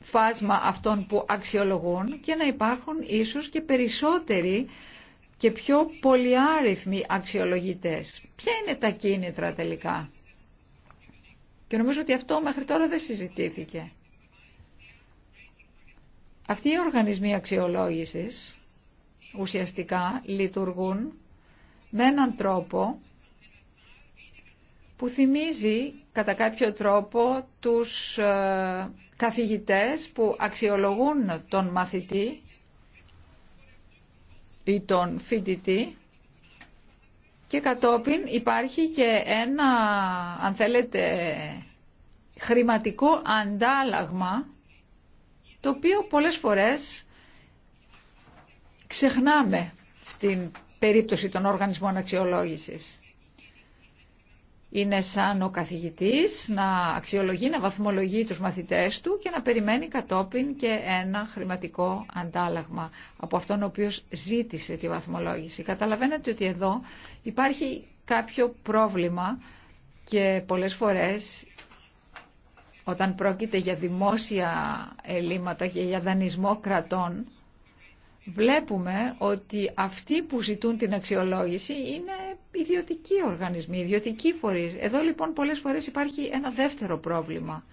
φάσμα αυτών που αξιολογούν και να υπάρχουν ίσως και περισσότεροι και πιο πολυάριθμοι αξιολογητές. Ποια είναι τα κίνητρα τελικά. Και νομίζω ότι αυτό μέχρι τώρα δεν συζητήθηκε. Αυτοί οι οργανισμοί αξιολόγησης ουσιαστικά λειτουργούν με έναν τρόπο που θυμίζει κατά κάποιο τρόπο τους ε, καθηγητές που αξιολογούν τον μαθητή ή τον φοιτητή και κατόπιν υπάρχει και ένα, αν θέλετε, χρηματικό αντάλλαγμα το οποίο πολλές φορές ξεχνάμε στην περίπτωση των οργανισμών αξιολόγησης είναι σαν ο καθηγητής να αξιολογεί, να βαθμολογεί τους μαθητές του και να περιμένει κατόπιν και ένα χρηματικό αντάλλαγμα από αυτόν ο οποίος ζήτησε τη βαθμολόγηση. Καταλαβαίνετε ότι εδώ υπάρχει κάποιο πρόβλημα και πολλές φορές όταν πρόκειται για δημόσια ελλείμματα και για δανεισμό κρατών βλέπουμε ότι αυτοί που ζητούν την αξιολόγηση είναι ιδιωτικοί οργανισμοί, ιδιωτικοί φορείς. Εδώ λοιπόν πολλές φορές υπάρχει ένα δεύτερο πρόβλημα.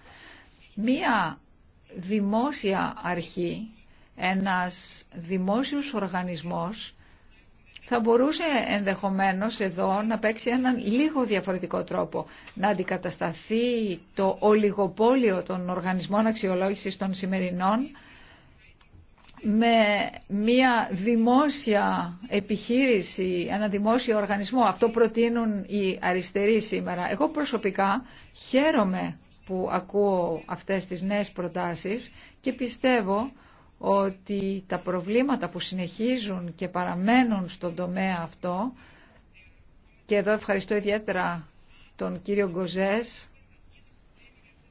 Μία δημόσια αρχή, ένας δημόσιος οργανισμός θα μπορούσε ενδεχομένως εδώ να παίξει έναν λίγο διαφορετικό τρόπο, να αντικατασταθεί το ολιγοπόλιο των οργανισμών αξιολόγησης των σημερινών με μια δημόσια επιχείρηση, ένα δημόσιο οργανισμό. Αυτό προτείνουν οι αριστεροί σήμερα. Εγώ προσωπικά χαίρομαι που ακούω αυτές τις νέες προτάσεις και πιστεύω ότι τα προβλήματα που συνεχίζουν και παραμένουν στον τομέα αυτό και εδώ ευχαριστώ ιδιαίτερα τον κύριο Γκοζές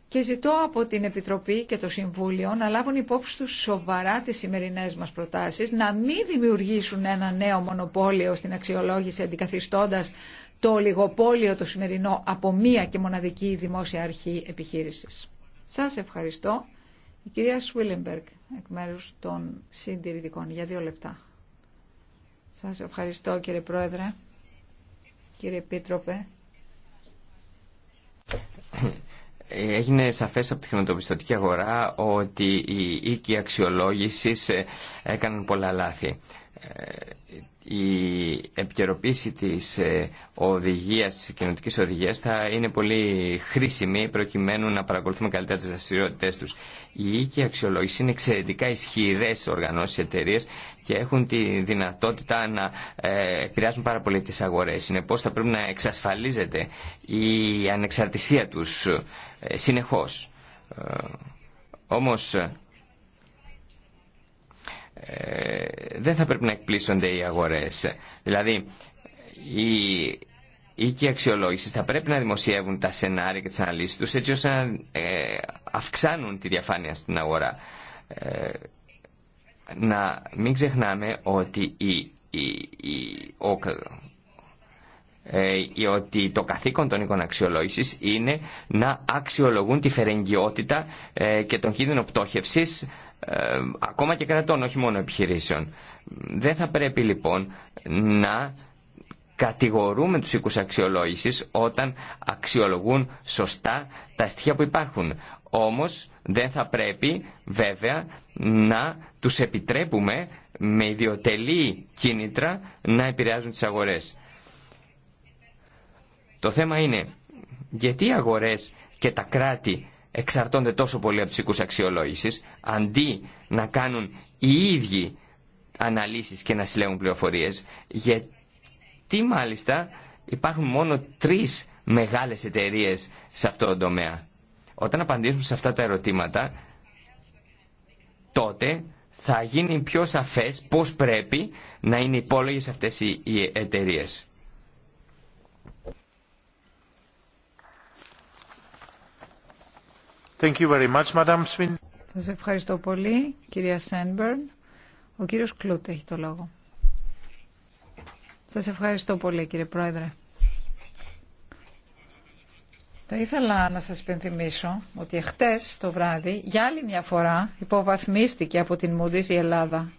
και ζητώ από την Επιτροπή και το Συμβούλιο να λάβουν υπόψη τους σοβαρά τις σημερινές μας προτάσεις, να μην δημιουργήσουν ένα νέο μονοπόλιο στην αξιολόγηση αντικαθιστώντας το λιγοπόλιο το σημερινό από μία και μοναδική δημόσια αρχή επιχείρησης. Σας ευχαριστώ. Η κυρία Σουίλεμπεργκ, εκ μέρους των συντηρητικών, για δύο λεπτά. Σας ευχαριστώ κύριε Πρόεδρε, κύριε Επίτροπε έγινε σαφές από τη χρηματοπιστωτική αγορά ότι οι οίκοι αξιολόγησης ε, έκαναν πολλά λάθη η επικαιροποίηση της ε, οδηγίας, κοινωνικής οδηγίας θα είναι πολύ χρήσιμη προκειμένου να παρακολουθούμε καλύτερα τις δραστηριότητε τους. Οι οίκοι αξιολόγηση είναι εξαιρετικά ισχυρές οργανώσεις εταιρείε και έχουν τη δυνατότητα να ε, επηρεάζουν πάρα πολύ τις αγορές. Συνεπώς θα πρέπει να εξασφαλίζεται η ανεξαρτησία τους ε, συνεχώς. Όμως ε, δεν θα πρέπει να εκπλήσονται οι αγορές. Δηλαδή, οι οίκοι αξιολόγηση θα πρέπει να δημοσιεύουν τα σενάρια και τις αναλύσεις τους έτσι ώστε να ε, αυξάνουν τη διαφάνεια στην αγορά. Ε, να μην ξεχνάμε ότι η, η, η, ε, ότι το καθήκον των οίκων αξιολόγηση είναι να αξιολογούν τη φερεγγιότητα ε, και τον κίνδυνο πτώχευση ε, ακόμα και κρατών, όχι μόνο επιχειρήσεων. Δεν θα πρέπει λοιπόν να κατηγορούμε τους οίκους αξιολόγησης όταν αξιολογούν σωστά τα στοιχεία που υπάρχουν. Όμως δεν θα πρέπει βέβαια να τους επιτρέπουμε με ιδιωτελή κίνητρα να επηρεάζουν τις αγορές. Το θέμα είναι γιατί οι αγορές και τα κράτη εξαρτώνται τόσο πολύ από τους οικού αξιολόγησης αντί να κάνουν οι ίδιοι αναλύσεις και να συλλέγουν πληροφορίες γιατί μάλιστα υπάρχουν μόνο τρεις μεγάλες εταιρείες σε αυτό το τομέα. Όταν απαντήσουμε σε αυτά τα ερωτήματα τότε θα γίνει πιο σαφές πώς πρέπει να είναι υπόλογες αυτές οι εταιρείες. Thank ευχαριστώ πολύ, κυρία Σένμπερν. Ο κύριος Κλούτ έχει το λόγο. Σας ευχαριστώ πολύ, κύριε Πρόεδρε. Θα ήθελα να σας πενθυμίσω ότι χτες το βράδυ, για άλλη μια φορά, υποβαθμίστηκε από την Μούντις η Ελλάδα.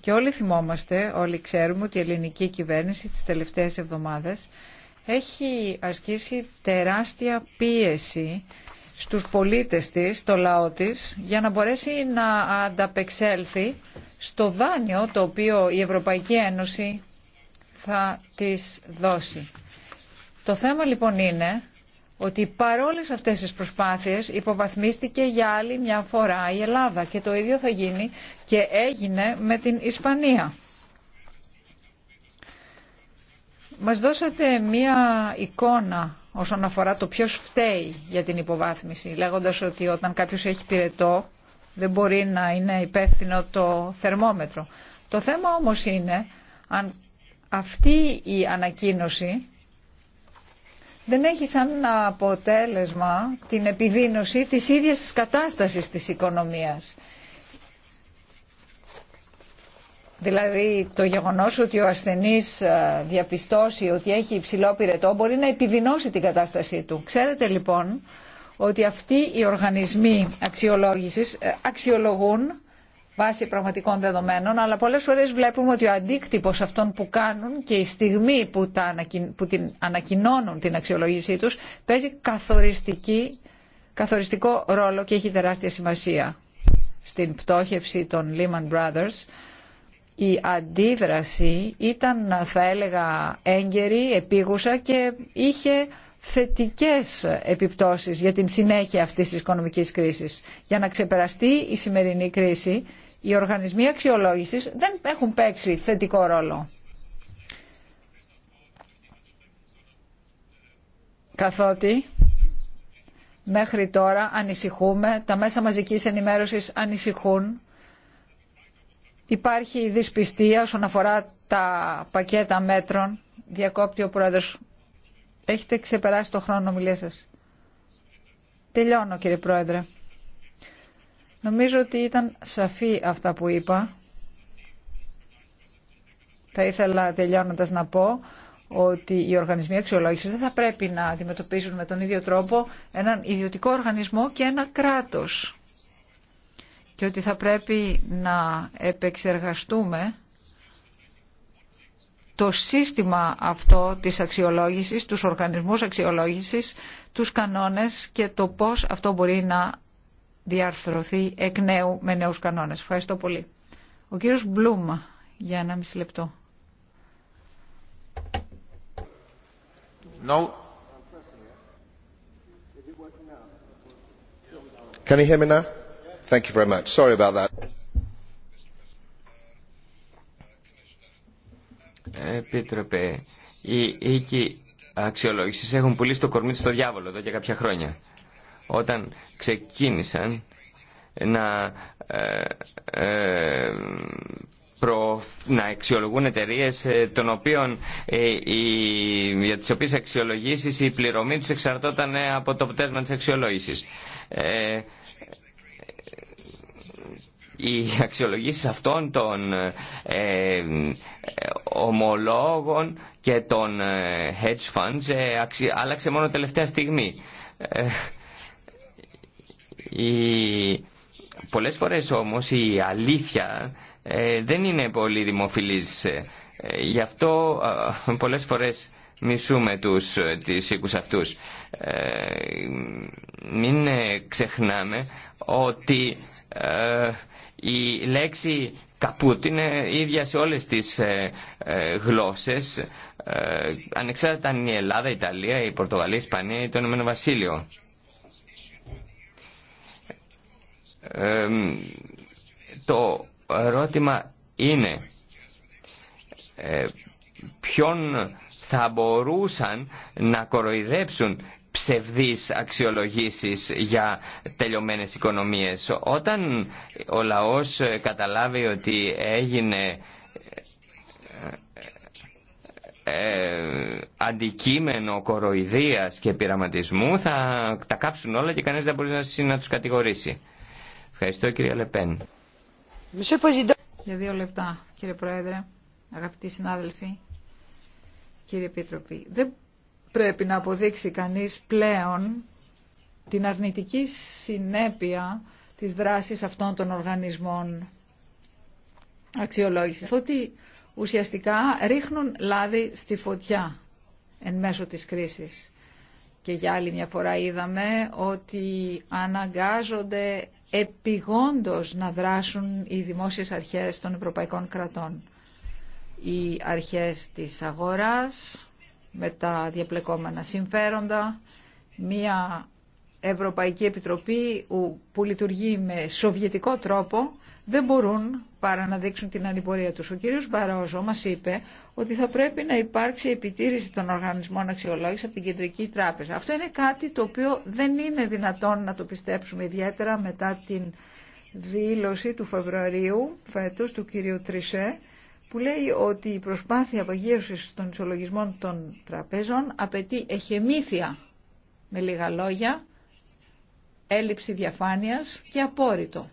Και όλοι θυμόμαστε, όλοι ξέρουμε ότι η ελληνική κυβέρνηση τις τελευταίες εβδομάδες έχει ασκήσει τεράστια πίεση στους πολίτες της, στο λαό της, για να μπορέσει να ανταπεξέλθει στο δάνειο το οποίο η Ευρωπαϊκή Ένωση θα της δώσει. Το θέμα λοιπόν είναι ότι παρόλες αυτές τις προσπάθειες υποβαθμίστηκε για άλλη μια φορά η Ελλάδα και το ίδιο θα γίνει και έγινε με την Ισπανία. Μας δώσατε μια εικόνα όσον αφορά το ποιος φταίει για την υποβάθμιση, λέγοντας ότι όταν κάποιος έχει πυρετό δεν μπορεί να είναι υπεύθυνο το θερμόμετρο. Το θέμα όμως είναι αν αυτή η ανακοίνωση δεν έχει σαν αποτέλεσμα την επιδείνωση της ίδιας της κατάστασης της οικονομίας. Δηλαδή το γεγονός ότι ο ασθενής ε, διαπιστώσει ότι έχει υψηλό πυρετό μπορεί να επιδεινώσει την κατάστασή του. Ξέρετε λοιπόν ότι αυτοί οι οργανισμοί αξιολόγησης ε, αξιολογούν βάσει πραγματικών δεδομένων, αλλά πολλές φορές βλέπουμε ότι ο αντίκτυπος αυτών που κάνουν και η στιγμή που, τα την ανακοινώνουν την αξιολόγησή τους παίζει καθοριστική... καθοριστικό ρόλο και έχει τεράστια σημασία στην πτώχευση των Lehman Brothers η αντίδραση ήταν θα έλεγα έγκαιρη, επίγουσα και είχε θετικές επιπτώσεις για την συνέχεια αυτής της οικονομικής κρίσης. Για να ξεπεραστεί η σημερινή κρίση, οι οργανισμοί αξιολόγησης δεν έχουν παίξει θετικό ρόλο. Καθότι μέχρι τώρα ανησυχούμε, τα μέσα μαζικής ενημέρωσης ανησυχούν Υπάρχει δυσπιστία όσον αφορά τα πακέτα μέτρων. Διακόπτει ο Πρόεδρος. Έχετε ξεπεράσει το χρόνο ομιλία σα. Τελειώνω κύριε Πρόεδρε. Νομίζω ότι ήταν σαφή αυτά που είπα. Θα ήθελα τελειώνοντα να πω ότι οι οργανισμοί αξιολόγηση δεν θα πρέπει να αντιμετωπίζουν με τον ίδιο τρόπο έναν ιδιωτικό οργανισμό και ένα κράτος και ότι θα πρέπει να επεξεργαστούμε το σύστημα αυτό της αξιολόγησης, τους οργανισμούς αξιολόγησης, τους κανόνες και το πώς αυτό μπορεί να διαρθρωθεί εκ νέου με νέους κανόνες. Ευχαριστώ πολύ. Ο κύριος Μπλουμ για ένα μισή λεπτό. No. Can you me Thank you very much. Sorry about that. Επίτροπε, οι οίκοι αξιολόγηση έχουν πουλήσει το κορμί του στο διάβολο εδώ και κάποια χρόνια. Όταν ξεκίνησαν να, ε, ε προ, να αξιολογούν εταιρείε ε, των οποίων ε, η, για τις οποίες αξιολογήσεις η πληρωμή τους εξαρτόταν ε, από το αποτέλεσμα της αξιολόγησης οι αξιολογήσεις αυτών των ε, ε, ομολόγων και των ε, hedge funds άλλαξε μόνο τελευταία στιγμή. Οι... Πολλές φορές όμως η αλήθεια δεν είναι πολύ δημοφιλής. Γι' αυτό πολλές φορές μισούμε τους τις οίκους αυτούς. Μην ξεχνάμε ότι η λέξη καπούτ είναι ίδια σε όλες τις ε, ε, γλώσσες, ε, ανεξάρτητα αν είναι η Ελλάδα, η Ιταλία, η Πορτογαλία, η Ισπανία ή το Ενωμένο Βασίλειο. Το ερώτημα είναι ποιον θα μπορούσαν να κοροϊδέψουν ψευδείς αξιολογήσεις για τελειωμένες οικονομίες. Όταν ο λαός καταλάβει ότι έγινε ε, ε, αντικείμενο κοροϊδίας και πειραματισμού θα τα κάψουν όλα και κανείς δεν μπορεί να, να τους κατηγορήσει. Ευχαριστώ κυρία Λεπέν. Για δύο λεπτά κύριε Πρόεδρε, αγαπητοί συνάδελφοι, κύριε επίτροποι. Δεν πρέπει να αποδείξει κανείς πλέον την αρνητική συνέπεια της δράσης αυτών των οργανισμών αξιολόγησης. Ότι ουσιαστικά ρίχνουν λάδι στη φωτιά εν μέσω της κρίσης. Και για άλλη μια φορά είδαμε ότι αναγκάζονται επιγόντως να δράσουν οι δημόσιες αρχές των ευρωπαϊκών κρατών. Οι αρχές της αγοράς, με τα διαπλεκόμενα συμφέροντα, μια Ευρωπαϊκή Επιτροπή που λειτουργεί με σοβιετικό τρόπο δεν μπορούν παρά να δείξουν την ανηπορία τους. Ο κύριος Μπαρόζο μας είπε ότι θα πρέπει να υπάρξει επιτήρηση των οργανισμών αξιολόγηση από την Κεντρική Τράπεζα. Αυτό είναι κάτι το οποίο δεν είναι δυνατόν να το πιστέψουμε ιδιαίτερα μετά την δήλωση του Φεβρουαρίου φέτος του κύριου Τρισέ που λέει ότι η προσπάθεια απογείωσης των ισολογισμών των τραπέζων απαιτεί εχεμήθεια, με λίγα λόγια, έλλειψη διαφάνειας και απόρριτο.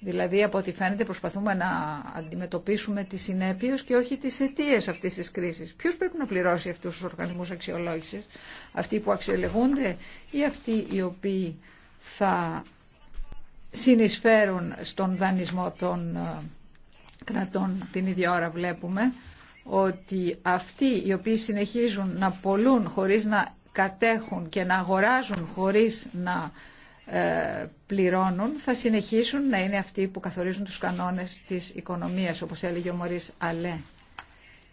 Δηλαδή, από ό,τι φαίνεται, προσπαθούμε να αντιμετωπίσουμε τις συνέπειες και όχι τις αιτίε αυτής της κρίσης. Ποιος πρέπει να πληρώσει αυτούς τους οργανισμούς αξιολόγησης, αυτοί που αξιολογούνται ή αυτοί οι οποίοι θα συνεισφέρουν στον δανεισμό των ε, κρατών την ίδια ώρα βλέπουμε ότι αυτοί οι οποίοι συνεχίζουν να πολλούν χωρίς να κατέχουν και να αγοράζουν χωρίς να ε, πληρώνουν θα συνεχίσουν να είναι αυτοί που καθορίζουν τους κανόνες της οικονομίας όπως έλεγε ο Μωρίς Αλέ.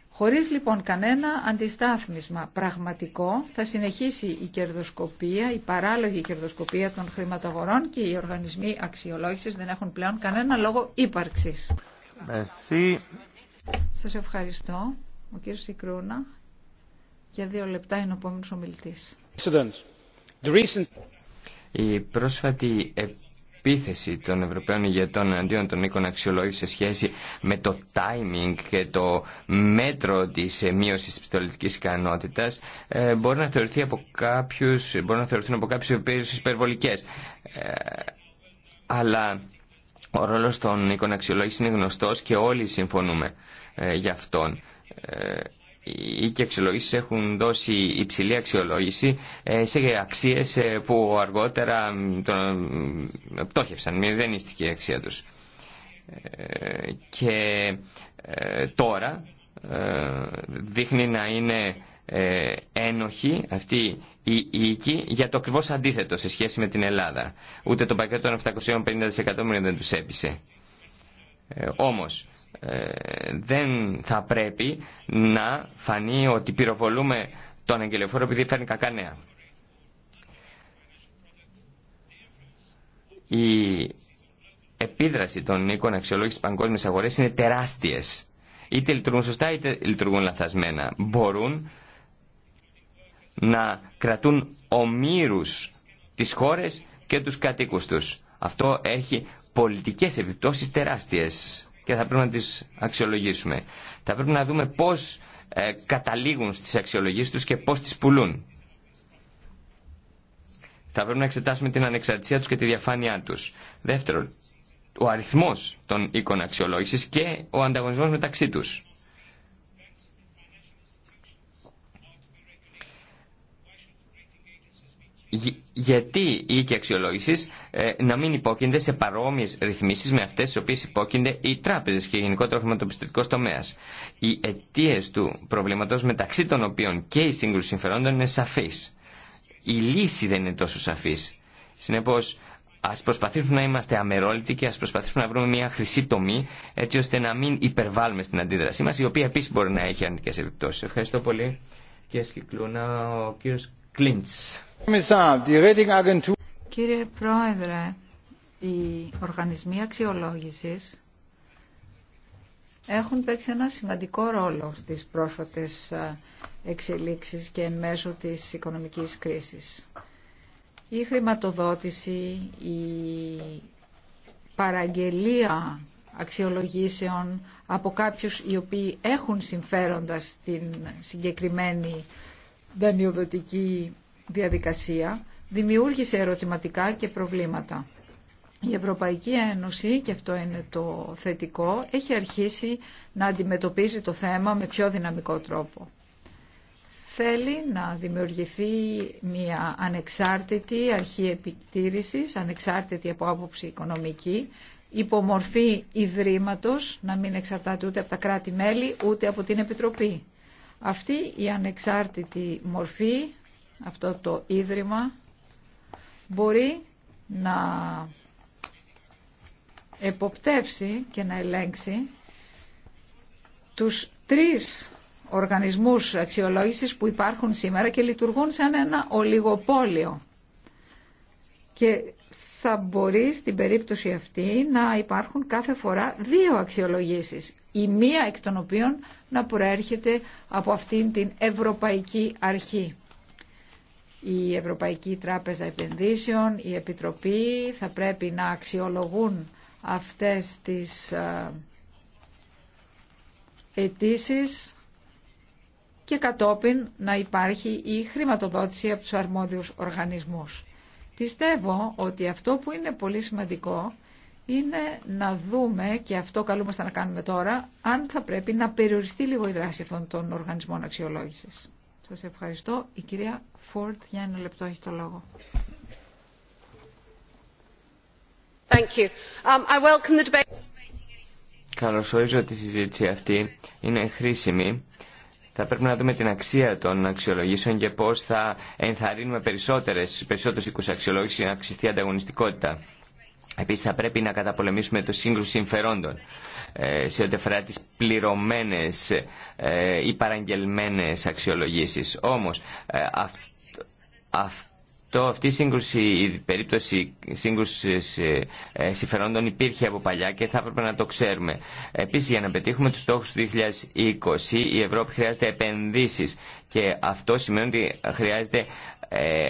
Χωρίς λοιπόν κανένα αντιστάθμισμα πραγματικό θα συνεχίσει η κερδοσκοπία, η παράλογη κερδοσκοπία των χρηματαγορών και οι οργανισμοί αξιολόγησης δεν έχουν πλέον κανένα λόγο ύπαρξης. Merci. Σας ευχαριστώ. Ο κύριος Σικρούνα για δύο λεπτά είναι ο επόμενος ομιλητής. Η πρόσφατη επίθεση των Ευρωπαίων ηγετών εναντίον των οίκων αξιολόγηση σε σχέση με το timing και το μέτρο της μείωσης της πιστολιτικής ικανότητας ε, μπορεί να θεωρηθεί από κάποιους, μπορεί να από κάποιους υπερβολικές. Ε, αλλά ο ρόλος των οίκων αξιολόγηση είναι γνωστός και όλοι συμφωνούμε ε, γι' αυτόν. Ε, οι οίκοι έχουν δώσει υψηλή αξιολόγηση ε, σε αξίες ε, που αργότερα ε, πτώχευσαν, μηδενίστηκε η αξία τους. Ε, και ε, τώρα δείχνει να είναι ένοχη αυτή η οίκη για το ακριβώ αντίθετο σε σχέση με την Ελλάδα. Ούτε το πακέτο των 750 δισεκατομμύρων δεν τους έπεισε. Ε, όμως ε, δεν θα πρέπει να φανεί ότι πυροβολούμε τον αγγελιοφόρο επειδή φέρνει κακά νέα. Η επίδραση των οίκων αξιολόγηση παγκόσμιες αγορές είναι τεράστιες. Είτε λειτουργούν σωστά είτε λειτουργούν λαθασμένα. Μπορούν να κρατούν ομήρους τις χώρες και τους κατοίκους τους. Αυτό έχει πολιτικές επιπτώσεις τεράστιες και θα πρέπει να τις αξιολογήσουμε. Θα πρέπει να δούμε πώς ε, καταλήγουν στις αξιολογήσεις τους και πώς τις πουλούν. Θα πρέπει να εξετάσουμε την ανεξαρτησία τους και τη διαφάνειά τους. Δεύτερον, ο αριθμός των οίκων αξιολόγησης και ο ανταγωνισμός μεταξύ τους. γιατί οι οίκοι αξιολόγηση ε, να μην υπόκεινται σε παρόμοιε ρυθμίσει με αυτέ τι οποίε υπόκεινται οι τράπεζε και γενικότερα ο χρηματοπιστωτικό τομέα. Οι αιτίε του προβλήματο, μεταξύ των οποίων και η σύγκρουση συμφερόντων, είναι σαφή. Η λύση δεν είναι τόσο σαφή. Συνεπώ, α προσπαθήσουμε να είμαστε αμερόληπτοι και α προσπαθήσουμε να βρούμε μια χρυσή τομή, έτσι ώστε να μην υπερβάλλουμε στην αντίδρασή μα, η οποία επίση μπορεί να έχει αρνητικέ επιπτώσει. Ευχαριστώ πολύ, κύριε Σκυκλούνα. Ο κύριο Κλίντ. Κύριε Πρόεδρε, οι οργανισμοί αξιολόγησης έχουν παίξει ένα σημαντικό ρόλο στις πρόσφατες εξελίξεις και εν μέσω της οικονομικής κρίσης. Η χρηματοδότηση, η παραγγελία αξιολογήσεων από κάποιους οι οποίοι έχουν συμφέροντα στην συγκεκριμένη δανειοδοτική διαδικασία δημιούργησε ερωτηματικά και προβλήματα. Η Ευρωπαϊκή Ένωση, και αυτό είναι το θετικό, έχει αρχίσει να αντιμετωπίζει το θέμα με πιο δυναμικό τρόπο. Θέλει να δημιουργηθεί μια ανεξάρτητη αρχή επιτήρησης, ανεξάρτητη από άποψη οικονομική, υπομορφή ιδρύματος, να μην εξαρτάται ούτε από τα κράτη-μέλη, ούτε από την Επιτροπή. Αυτή η ανεξάρτητη μορφή αυτό το Ίδρυμα μπορεί να εποπτεύσει και να ελέγξει τους τρεις οργανισμούς αξιολόγησης που υπάρχουν σήμερα και λειτουργούν σαν ένα ολιγοπόλιο. Και θα μπορεί στην περίπτωση αυτή να υπάρχουν κάθε φορά δύο αξιολογήσεις. Η μία εκ των οποίων να προέρχεται από αυτήν την Ευρωπαϊκή Αρχή η Ευρωπαϊκή Τράπεζα Επενδύσεων, η Επιτροπή θα πρέπει να αξιολογούν αυτές τις ε, αιτήσει και κατόπιν να υπάρχει η χρηματοδότηση από τους αρμόδιους οργανισμούς. Πιστεύω ότι αυτό που είναι πολύ σημαντικό είναι να δούμε, και αυτό καλούμαστε να κάνουμε τώρα, αν θα πρέπει να περιοριστεί λίγο η δράση αυτών των οργανισμών αξιολόγησης. Σας ευχαριστώ. Η κυρία Φόρτ για ένα λεπτό έχει το λόγο. Thank you. Um, Καλωσορίζω τη συζήτηση αυτή. Είναι χρήσιμη. Θα πρέπει να δούμε την αξία των αξιολογήσεων και πώς θα ενθαρρύνουμε περισσότερες, περισσότερες οίκους για να αυξηθεί η ανταγωνιστικότητα. Επίσης θα πρέπει να καταπολεμήσουμε το σύγκρουση συμφερόντων ε, σε ό,τι αφορά τις πληρωμένες ε, ή παραγγελμένες αξιολογήσεις. Όμως ε, αυτό το αυτή η σύγκρουση, η περίπτωση σύγκρουση ε, ε, συμφερόντων υπήρχε από παλιά και θα έπρεπε να το ξέρουμε. Επίση, για να πετύχουμε του στόχου του 2020, η Ευρώπη χρειάζεται επενδύσει και αυτό σημαίνει ότι χρειάζεται ε,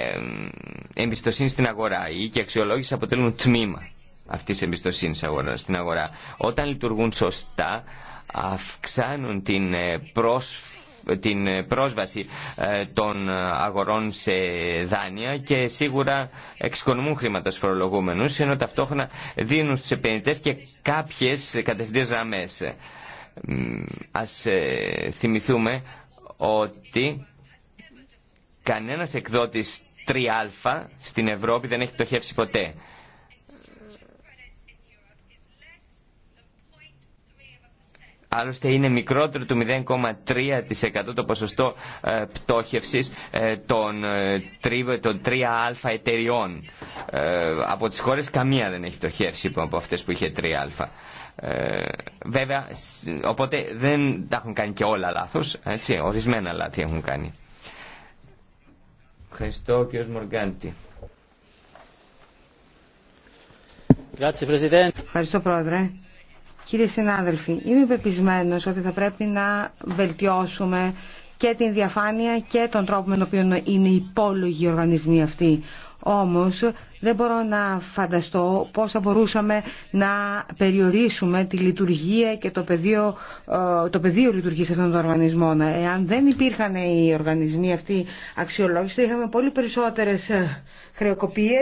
εμπιστοσύνη στην αγορά. Οι οίκοι αξιολόγηση αποτελούν τμήμα αυτή τη εμπιστοσύνη στην αγορά. Όταν λειτουργούν σωστά, αυξάνουν την πρόσφυγη την ε, πρόσβαση ε, των ε, αγορών σε δάνεια και σίγουρα εξοικονομούν χρήματα στους φορολογούμενους ενώ ταυτόχρονα δίνουν στους επενδυτές και κάποιες κατευθυντές γραμμές. Ας θυμηθούμε ότι κανένας εκδότης 3α στην Ευρώπη δεν έχει πτωχεύσει ποτέ. Άλλωστε είναι μικρότερο του 0,3% το ποσοστό ε, πτώχευσης ε, των 3α ε, εταιριών. Από τις χώρες καμία δεν έχει πτωχεύσει από αυτές που είχε 3α. βέβαια, οπότε δεν τα έχουν κάνει και όλα λάθος, έτσι, ορισμένα λάθη έχουν κάνει. Ευχαριστώ κύριο Μοργκάντη. Ευχαριστώ πρόεδρε. Κύριε συνάδελφοι, είμαι πεπισμένο ότι θα πρέπει να βελτιώσουμε και την διαφάνεια και τον τρόπο με τον οποίο είναι υπόλογοι οι οργανισμοί αυτοί. Όμως δεν μπορώ να φανταστώ πώς θα μπορούσαμε να περιορίσουμε τη λειτουργία και το πεδίο, ε, το πεδίο λειτουργίας αυτών των οργανισμών. Εάν δεν υπήρχαν οι οργανισμοί αυτοί αξιολόγηση, θα είχαμε πολύ περισσότερες ε, χρεοκοπίε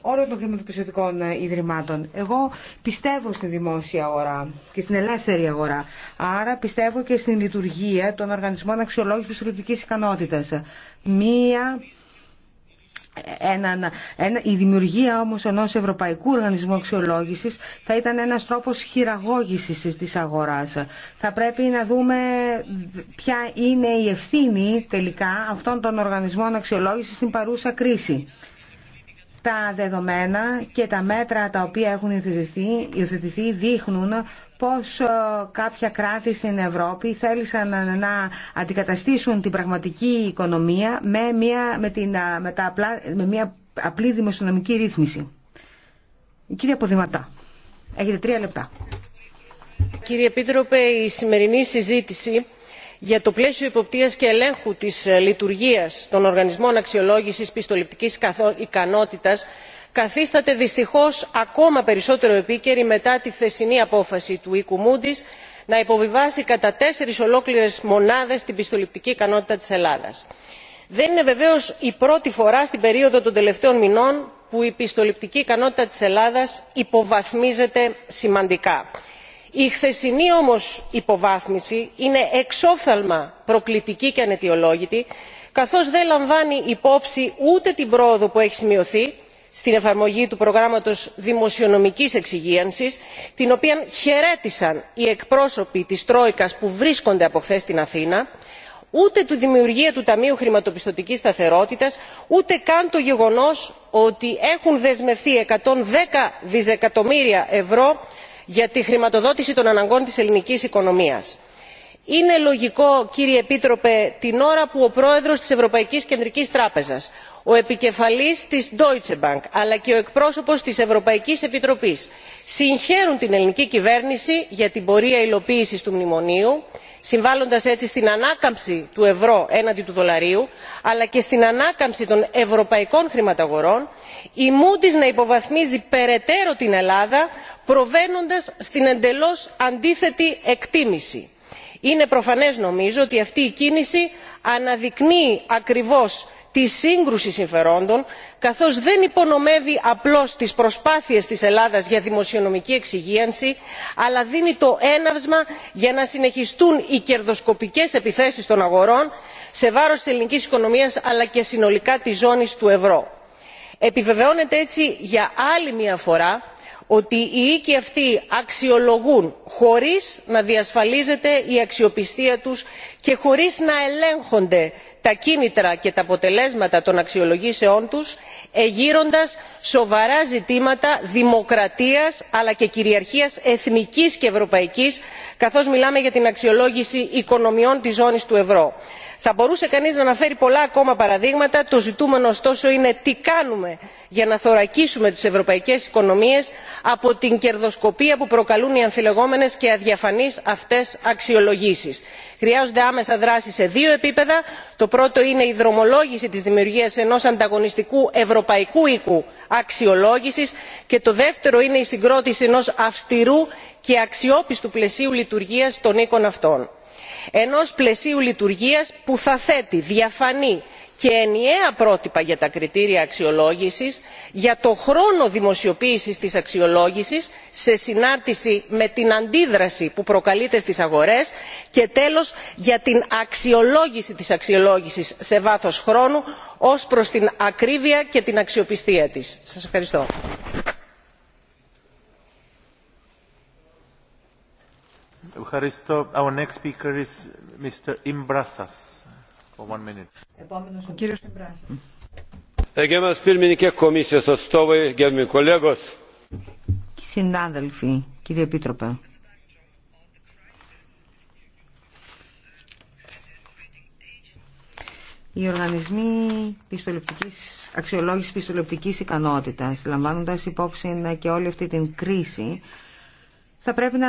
όλων των χρηματοπιστωτικών ε, ιδρυμάτων. Εγώ πιστεύω στην δημόσια αγορά και στην ελεύθερη αγορά. Άρα πιστεύω και στην λειτουργία των οργανισμών αξιολόγηση λειτουργικής ικανότητα. Μία ένα, ένα, η δημιουργία όμως ενός Ευρωπαϊκού Οργανισμού Αξιολόγησης θα ήταν ένας τρόπος χειραγώγησης της αγοράς. Θα πρέπει να δούμε ποια είναι η ευθύνη τελικά αυτών των οργανισμών αξιολόγησης στην παρούσα κρίση τα δεδομένα και τα μέτρα τα οποία έχουν υιοθετηθεί, δείχνουν πως ε, κάποια κράτη στην Ευρώπη θέλησαν να αντικαταστήσουν την πραγματική οικονομία με μια, με την, ε, με τα απλά, με μια απλή δημοσιονομική ρύθμιση. Κύριε Ποδηματά, έχετε τρία λεπτά. Κύριε Επίτροπε, η σημερινή συζήτηση για το πλαίσιο εποπτείας και ελέγχου της ε, λειτουργίας των οργανισμών αξιολόγησης πιστοληπτικής ικανότητας καθίσταται δυστυχώς ακόμα περισσότερο επίκαιρη μετά τη χθεσινή απόφαση του οίκου να υποβιβάσει κατά τέσσερις ολόκληρες μονάδες την πιστοληπτική ικανότητα της ελλάδας. δεν είναι βεβαίως η πρώτη φορά στην περίοδο των τελευταίων μηνών που η πιστοληπτική ικανότητα της ελλάδας υποβαθμίζεται σημαντικά η χθεσινή όμως υποβάθμιση είναι εξόφθαλμα προκλητική και αναιτιολόγητη καθώς δεν λαμβάνει υπόψη ούτε την πρόοδο που έχει σημειωθεί στην εφαρμογή του προγράμματος δημοσιονομικής εξυγίανσης την οποία χαιρέτησαν οι εκπρόσωποι της τρόικας που βρίσκονται από χθες στην αθήνα ούτε τη δημιουργία του ταμείου χρηματοπιστωτικής σταθερότητας ούτε καν το γεγονός ότι έχουν δεσμευτεί εκατόν δέκα δισεκατομμύρια ευρώ για τη χρηματοδότηση των αναγκών της ελληνικής οικονομίας. είναι λογικό κύριε επίτροπε την ώρα που ο πρόεδρος της ευρωπαϊκής κεντρικής τράπεζας ο επικεφαλής της deutsche bank αλλά και ο εκπρόσωπος της ευρωπαϊκής επιτροπής συγχαίρουν την ελληνική κυβέρνηση για την πορεία υλοποίησης του μνημονίου συμβάλλοντας έτσι στην ανάκαμψη του ευρώ έναντι του δολαρίου αλλά και στην ανάκαμψη των ευρωπαϊκών χρηματαγορών η moody's να υποβαθμίζει περαιτέρω την ελλάδα προβαίνοντας στην εντελώς αντίθετη εκτίμηση. είναι προφανές νομίζω ότι αυτή η κίνηση αναδεικνύει ακριβώς τη σύγκρουση συμφερόντων καθώς δεν υπονομεύει απλώς τις προσπάθειες της ελλάδας για δημοσιονομική εξυγίανση αλλά δίνει το έναυσμα για να συνεχιστούν οι κερδοσκοπικές επιθέσεις των αγορών σε βάρος της ελληνικής οικονομίας αλλά και συνολικά της ζώνης του ευρώ. επιβεβαιώνεται έτσι για άλλη μια φορά ότι οι οίκοι αυτοί αξιολογούν χωρίς να διασφαλίζεται η αξιοπιστία τους και χωρίς να ελέγχονται τα κίνητρα και τα αποτελέσματα των αξιολογήσεών τους εγείροντας σοβαρά ζητήματα δημοκρατίας αλλά και κυριαρχίας εθνικής και ευρωπαϊκής καθώς μιλάμε για την αξιολόγηση οικονομιών της ζώνης του ευρώ θα μπορούσε κανεί να αναφέρει πολλά ακόμα παραδείγματα το ζητούμενο ωστόσο είναι τι κάνουμε για να θωρακίσουμε τι ευρωπαϊκέ οικονομίε από την κερδοσκοπία που προκαλούν οι αμφιλεγόμενε και αδιαφανεί αυτέ αξιολογήσει. χρειάζονται άμεσα δράσει σε δύο επίπεδα το πρώτο είναι η δρομολόγηση τη δημιουργία ενό ανταγωνιστικού ευρωπαϊκού οίκου αξιολόγηση και το δεύτερο είναι η συγκρότηση ενό αυστηρού και αξιόπιστου πλαισίου λειτουργία των οίκων αυτών ενός πλαισίου λειτουργίας που θα θέτει διαφανή και ενιαία πρότυπα για τα κριτήρια αξιολόγησης για το χρόνο δημοσιοποίησης της αξιολόγησης σε συνάρτηση με την αντίδραση που προκαλείται στις αγορές και τέλος για την αξιολόγηση της αξιολόγησης σε βάθος χρόνου ως προς την ακρίβεια και την αξιοπιστία της. ευχαριστώ. ο Συνάδελφοι, κύριε Επίτροπε. Οι οργανισμοί πιστολεπτικής, αξιολόγησης πιστολεπτικής ικανότητας, λαμβάνοντας υπόψη και όλη αυτή την κρίση, θα πρέπει να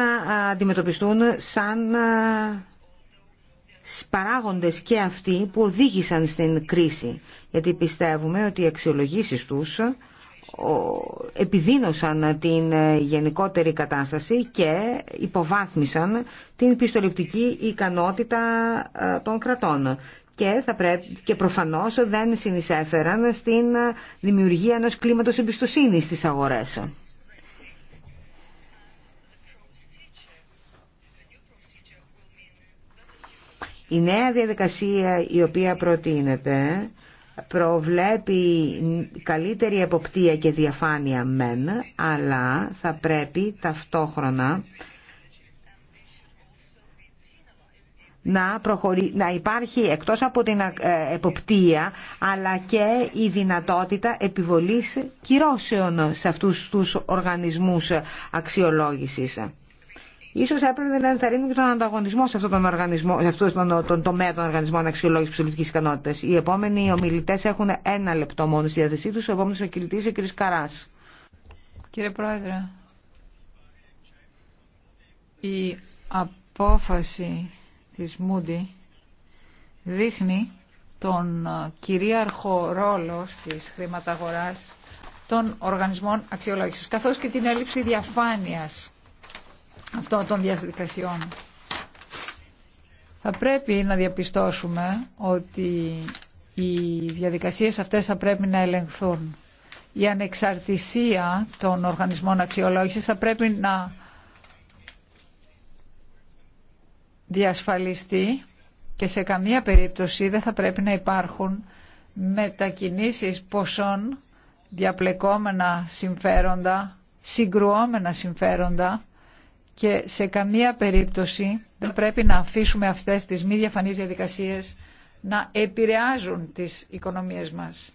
αντιμετωπιστούν σαν παράγοντες και αυτοί που οδήγησαν στην κρίση. Γιατί πιστεύουμε ότι οι αξιολογήσεις τους επιδίνωσαν την ε, γενικότερη κατάσταση και υποβάθμισαν την πιστοληπτική ικανότητα των κρατών και, θα πρέπει, και προφανώς δεν συνεισέφεραν στην δημιουργία ενός κλίματος εμπιστοσύνης στις αγορές. Η νέα διαδικασία η οποία προτείνεται προβλέπει καλύτερη εποπτεία και διαφάνεια μεν, αλλά θα πρέπει ταυτόχρονα να, να υπάρχει εκτός από την ε, εποπτεία αλλά και η δυνατότητα επιβολής κυρώσεων σε αυτούς τους οργανισμούς αξιολόγησης. Ίσως έπρεπε να δηλαδή, ενθαρρύνουμε και τον ανταγωνισμό σε αυτόν τον, οργανισμό, σε τον, τον τομέα των οργανισμών αξιολόγηση ψηλωτική ικανότητα. Οι επόμενοι ομιλητέ έχουν ένα λεπτό μόνο στη διάθεσή του. Ο επόμενο ομιλητή ο κ. Καρά. Κύριε Πρόεδρε, η απόφαση της Μούντι δείχνει τον κυρίαρχο ρόλο στις χρηματαγοράς των οργανισμών αξιολόγησης, καθώς και την έλλειψη διαφάνειας αυτών των διαδικασιών. Θα πρέπει να διαπιστώσουμε ότι οι διαδικασίες αυτές θα πρέπει να ελεγχθούν. Η ανεξαρτησία των οργανισμών αξιολόγησης θα πρέπει να διασφαλιστεί και σε καμία περίπτωση δεν θα πρέπει να υπάρχουν μετακινήσεις ποσών, διαπλεκόμενα συμφέροντα, συγκρουόμενα συμφέροντα και σε καμία περίπτωση δεν πρέπει να αφήσουμε αυτές τις μη διαφανείς διαδικασίες να επηρεάζουν τις οικονομίες μας.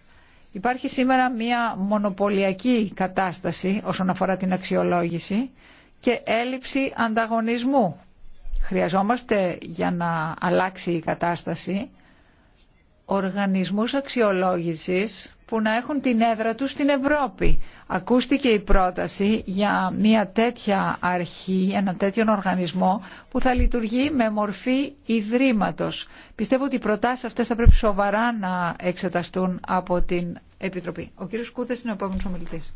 Υπάρχει σήμερα μια μονοπωλιακή κατάσταση όσον αφορά την αξιολόγηση και έλλειψη ανταγωνισμού. Χρειαζόμαστε για να αλλάξει η κατάσταση οργανισμούς αξιολόγησης που να έχουν την έδρα τους στην Ευρώπη. Ακούστηκε η πρόταση για μια τέτοια αρχή, ένα τέτοιον οργανισμό που θα λειτουργεί με μορφή ιδρύματος. Πιστεύω ότι οι προτάσεις αυτές θα πρέπει σοβαρά να εξεταστούν από την Επιτροπή. Ο κύριος Κούτες είναι ο επόμενος ομιλητής.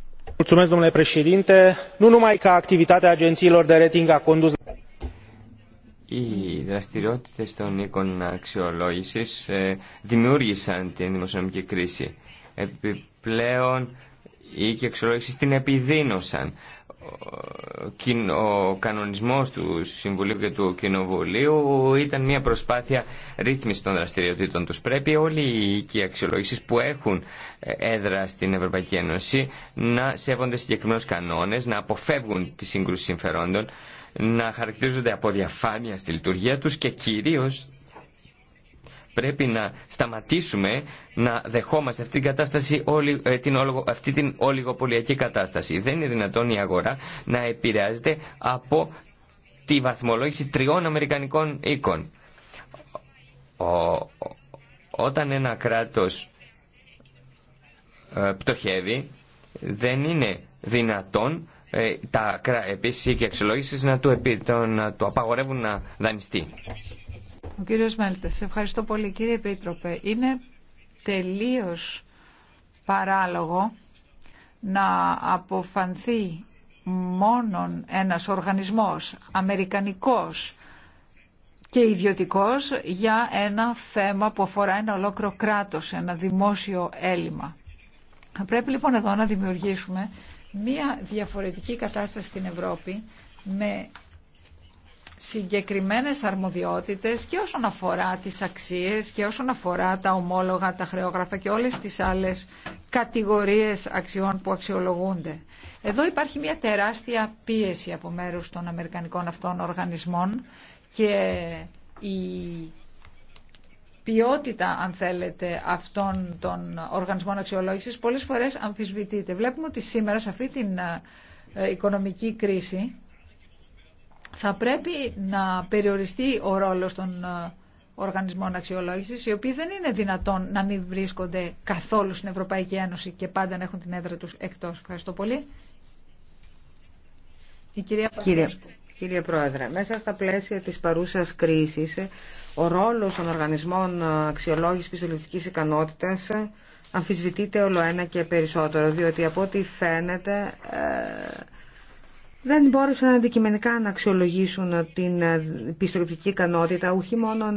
Οι δραστηριότητες των οίκων αξιολόγησης ε, δημιούργησαν την δημοσιονομική κρίση Επιπλέον, οι αξιολογηση την επιδίνωσαν. Ο κανονισμός του Συμβουλίου και του Κοινοβουλίου ήταν μια προσπάθεια ρύθμιση των δραστηριοτήτων τους. Πρέπει όλοι οι αξιολογήσεις που έχουν έδρα στην Ευρωπαϊκή Ένωση να σέβονται συγκεκριμένους κανόνες, να αποφεύγουν τη σύγκρουση συμφερόντων, να χαρακτηρίζονται από διαφάνεια στη λειτουργία τους και κυρίως Πρέπει να σταματήσουμε να δεχόμαστε αυτή την κατάσταση, ε, αυτή την ολιγοπολιακή κατάσταση. Δεν είναι δυνατόν η αγορά να επηρεάζεται από τη βαθμολόγηση τριών αμερικανικών οίκων. Ο, όταν ένα κράτος ε, πτωχεύει, δεν είναι δυνατόν ε, τα επίσης και αξιολόγησης να του, επί, να του απαγορεύουν να δανειστεί. Ο κύριος Μέλτες, ευχαριστώ πολύ. Κύριε Επίτροπε, είναι τελείως παράλογο να αποφανθεί μόνον ένας οργανισμός αμερικανικός και ιδιωτικός για ένα θέμα που αφορά ένα ολόκληρο κράτος, ένα δημόσιο έλλειμμα. Πρέπει λοιπόν εδώ να δημιουργήσουμε μία διαφορετική κατάσταση στην Ευρώπη με συγκεκριμένες αρμοδιότητες και όσον αφορά τις αξίες και όσον αφορά τα ομόλογα, τα χρεόγραφα και όλες τις άλλες κατηγορίες αξιών που αξιολογούνται. Εδώ υπάρχει μια τεράστια πίεση από μέρους των Αμερικανικών αυτών οργανισμών και η ποιότητα, αν θέλετε, αυτών των οργανισμών αξιολόγησης πολλές φορές αμφισβητείται. Βλέπουμε ότι σήμερα σε αυτή την ε, οικονομική κρίση θα πρέπει να περιοριστεί ο ρόλος των ε, οργανισμών αξιολόγησης, οι οποίοι δεν είναι δυνατόν να μην βρίσκονται καθόλου στην Ευρωπαϊκή Ένωση και πάντα να έχουν την έδρα τους εκτός. Ευχαριστώ πολύ. Η κυρία Κύριε, κύριε Πρόεδρε, μέσα στα πλαίσια της παρούσας κρίσης, ο ρόλος των οργανισμών αξιολόγησης πιστοληπτικής ικανότητας αμφισβητείται όλο ένα και περισσότερο, διότι από ό,τι φαίνεται... Ε, δεν μπόρεσαν αντικειμενικά να αξιολογήσουν την ε, πιστοληπτική ικανότητα όχι μόνο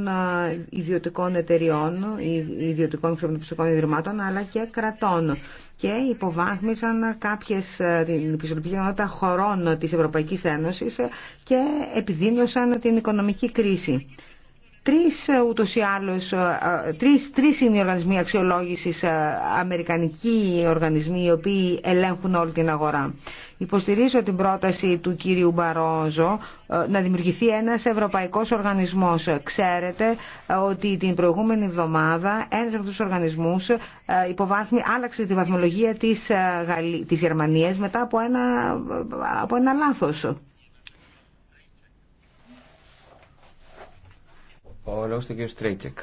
ε, ιδιωτικών εταιριών, ε, ιδιωτικών χρηματοπιστωτικών ιδρυμάτων, αλλά και κρατών. Και υποβάθμισαν κάποιες την πιστοληπτική ικανότητα χωρών της Ευρωπαϊκής Ένωσης και επιδίνωσαν την οικονομική κρίση τρεις ε, ούτως ή άλλως, ε, ε, τρεις, τρεις είναι οι οργανισμοί αξιολόγησης, αμερικανικοί οργανισμοί οι οποίοι ελέγχουν όλη την αγορά. Υποστηρίζω την πρόταση του κύριου Μπαρόζο να δημιουργηθεί ένας ευρωπαϊκός οργανισμός. Ξέρετε ότι την προηγούμενη εβδομάδα ένας από τους οργανισμούς υποβάθμι, άλλαξε τη βαθμολογία της, της Γερμανίας μετά από ένα, από ένα λάθος. Ο λόγος του Στρέιτσεκ.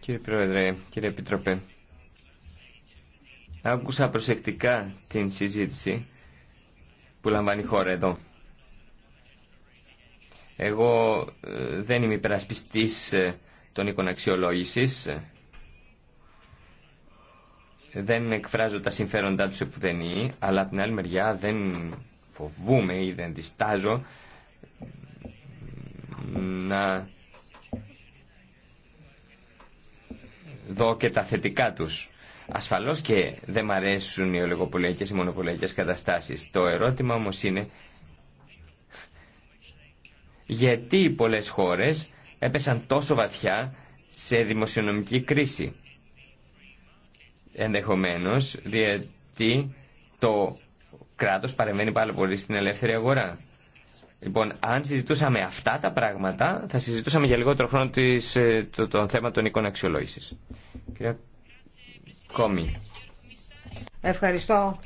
Κύριε Πρόεδρε, κύριε Επιτροπέ, άκουσα προσεκτικά την συζήτηση που λαμβάνει η χώρα εδώ. Εγώ ε, δεν είμαι υπερασπιστής ε, των οίκων Δεν εκφράζω τα συμφέροντά τους επουδενή, αλλά από την άλλη μεριά δεν φοβούμαι ή δεν διστάζω να δω και τα θετικά τους. Ασφαλώς και δεν μ' αρέσουν οι ολιγοπολιακές ή μονοπολιακές καταστάσεις. Το ερώτημα όμως είναι γιατί πολλές χώρες έπεσαν τόσο βαθιά σε δημοσιονομική κρίση. Ενδεχομένως διότι το κράτος παρεμβαίνει πάρα πολύ στην ελεύθερη αγορά. Λοιπόν, αν συζητούσαμε αυτά τα πράγματα, θα συζητούσαμε για λιγότερο χρόνο ε, το, το, θέμα των οίκων αξιολόγηση. Κυρία Ευχαριστώ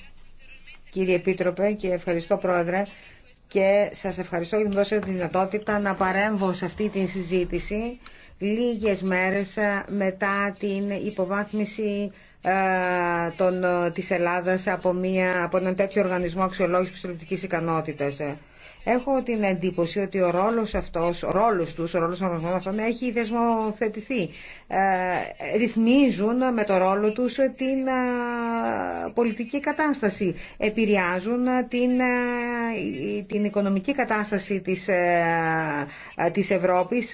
κύριε Επίτροπε και ευχαριστώ Πρόεδρε και σας ευχαριστώ για την δώσετε τη δυνατότητα να παρέμβω σε αυτή τη συζήτηση λίγες μέρες μετά την υποβάθμιση ε, τον, της Ελλάδας από, μια, από έναν τέτοιο οργανισμό αξιολόγησης πολιτικής ικανότητας. Έχω την εντύπωση ότι ο ρόλος αυτός, ο ρόλος τους, ο ρόλος των οργανισμών έχει δεσμοθετηθεί. Ε, ρυθμίζουν με το ρόλο τους την ε, πολιτική κατάσταση. Επηρεάζουν την, την οικονομική κατάσταση της, της Ευρώπης,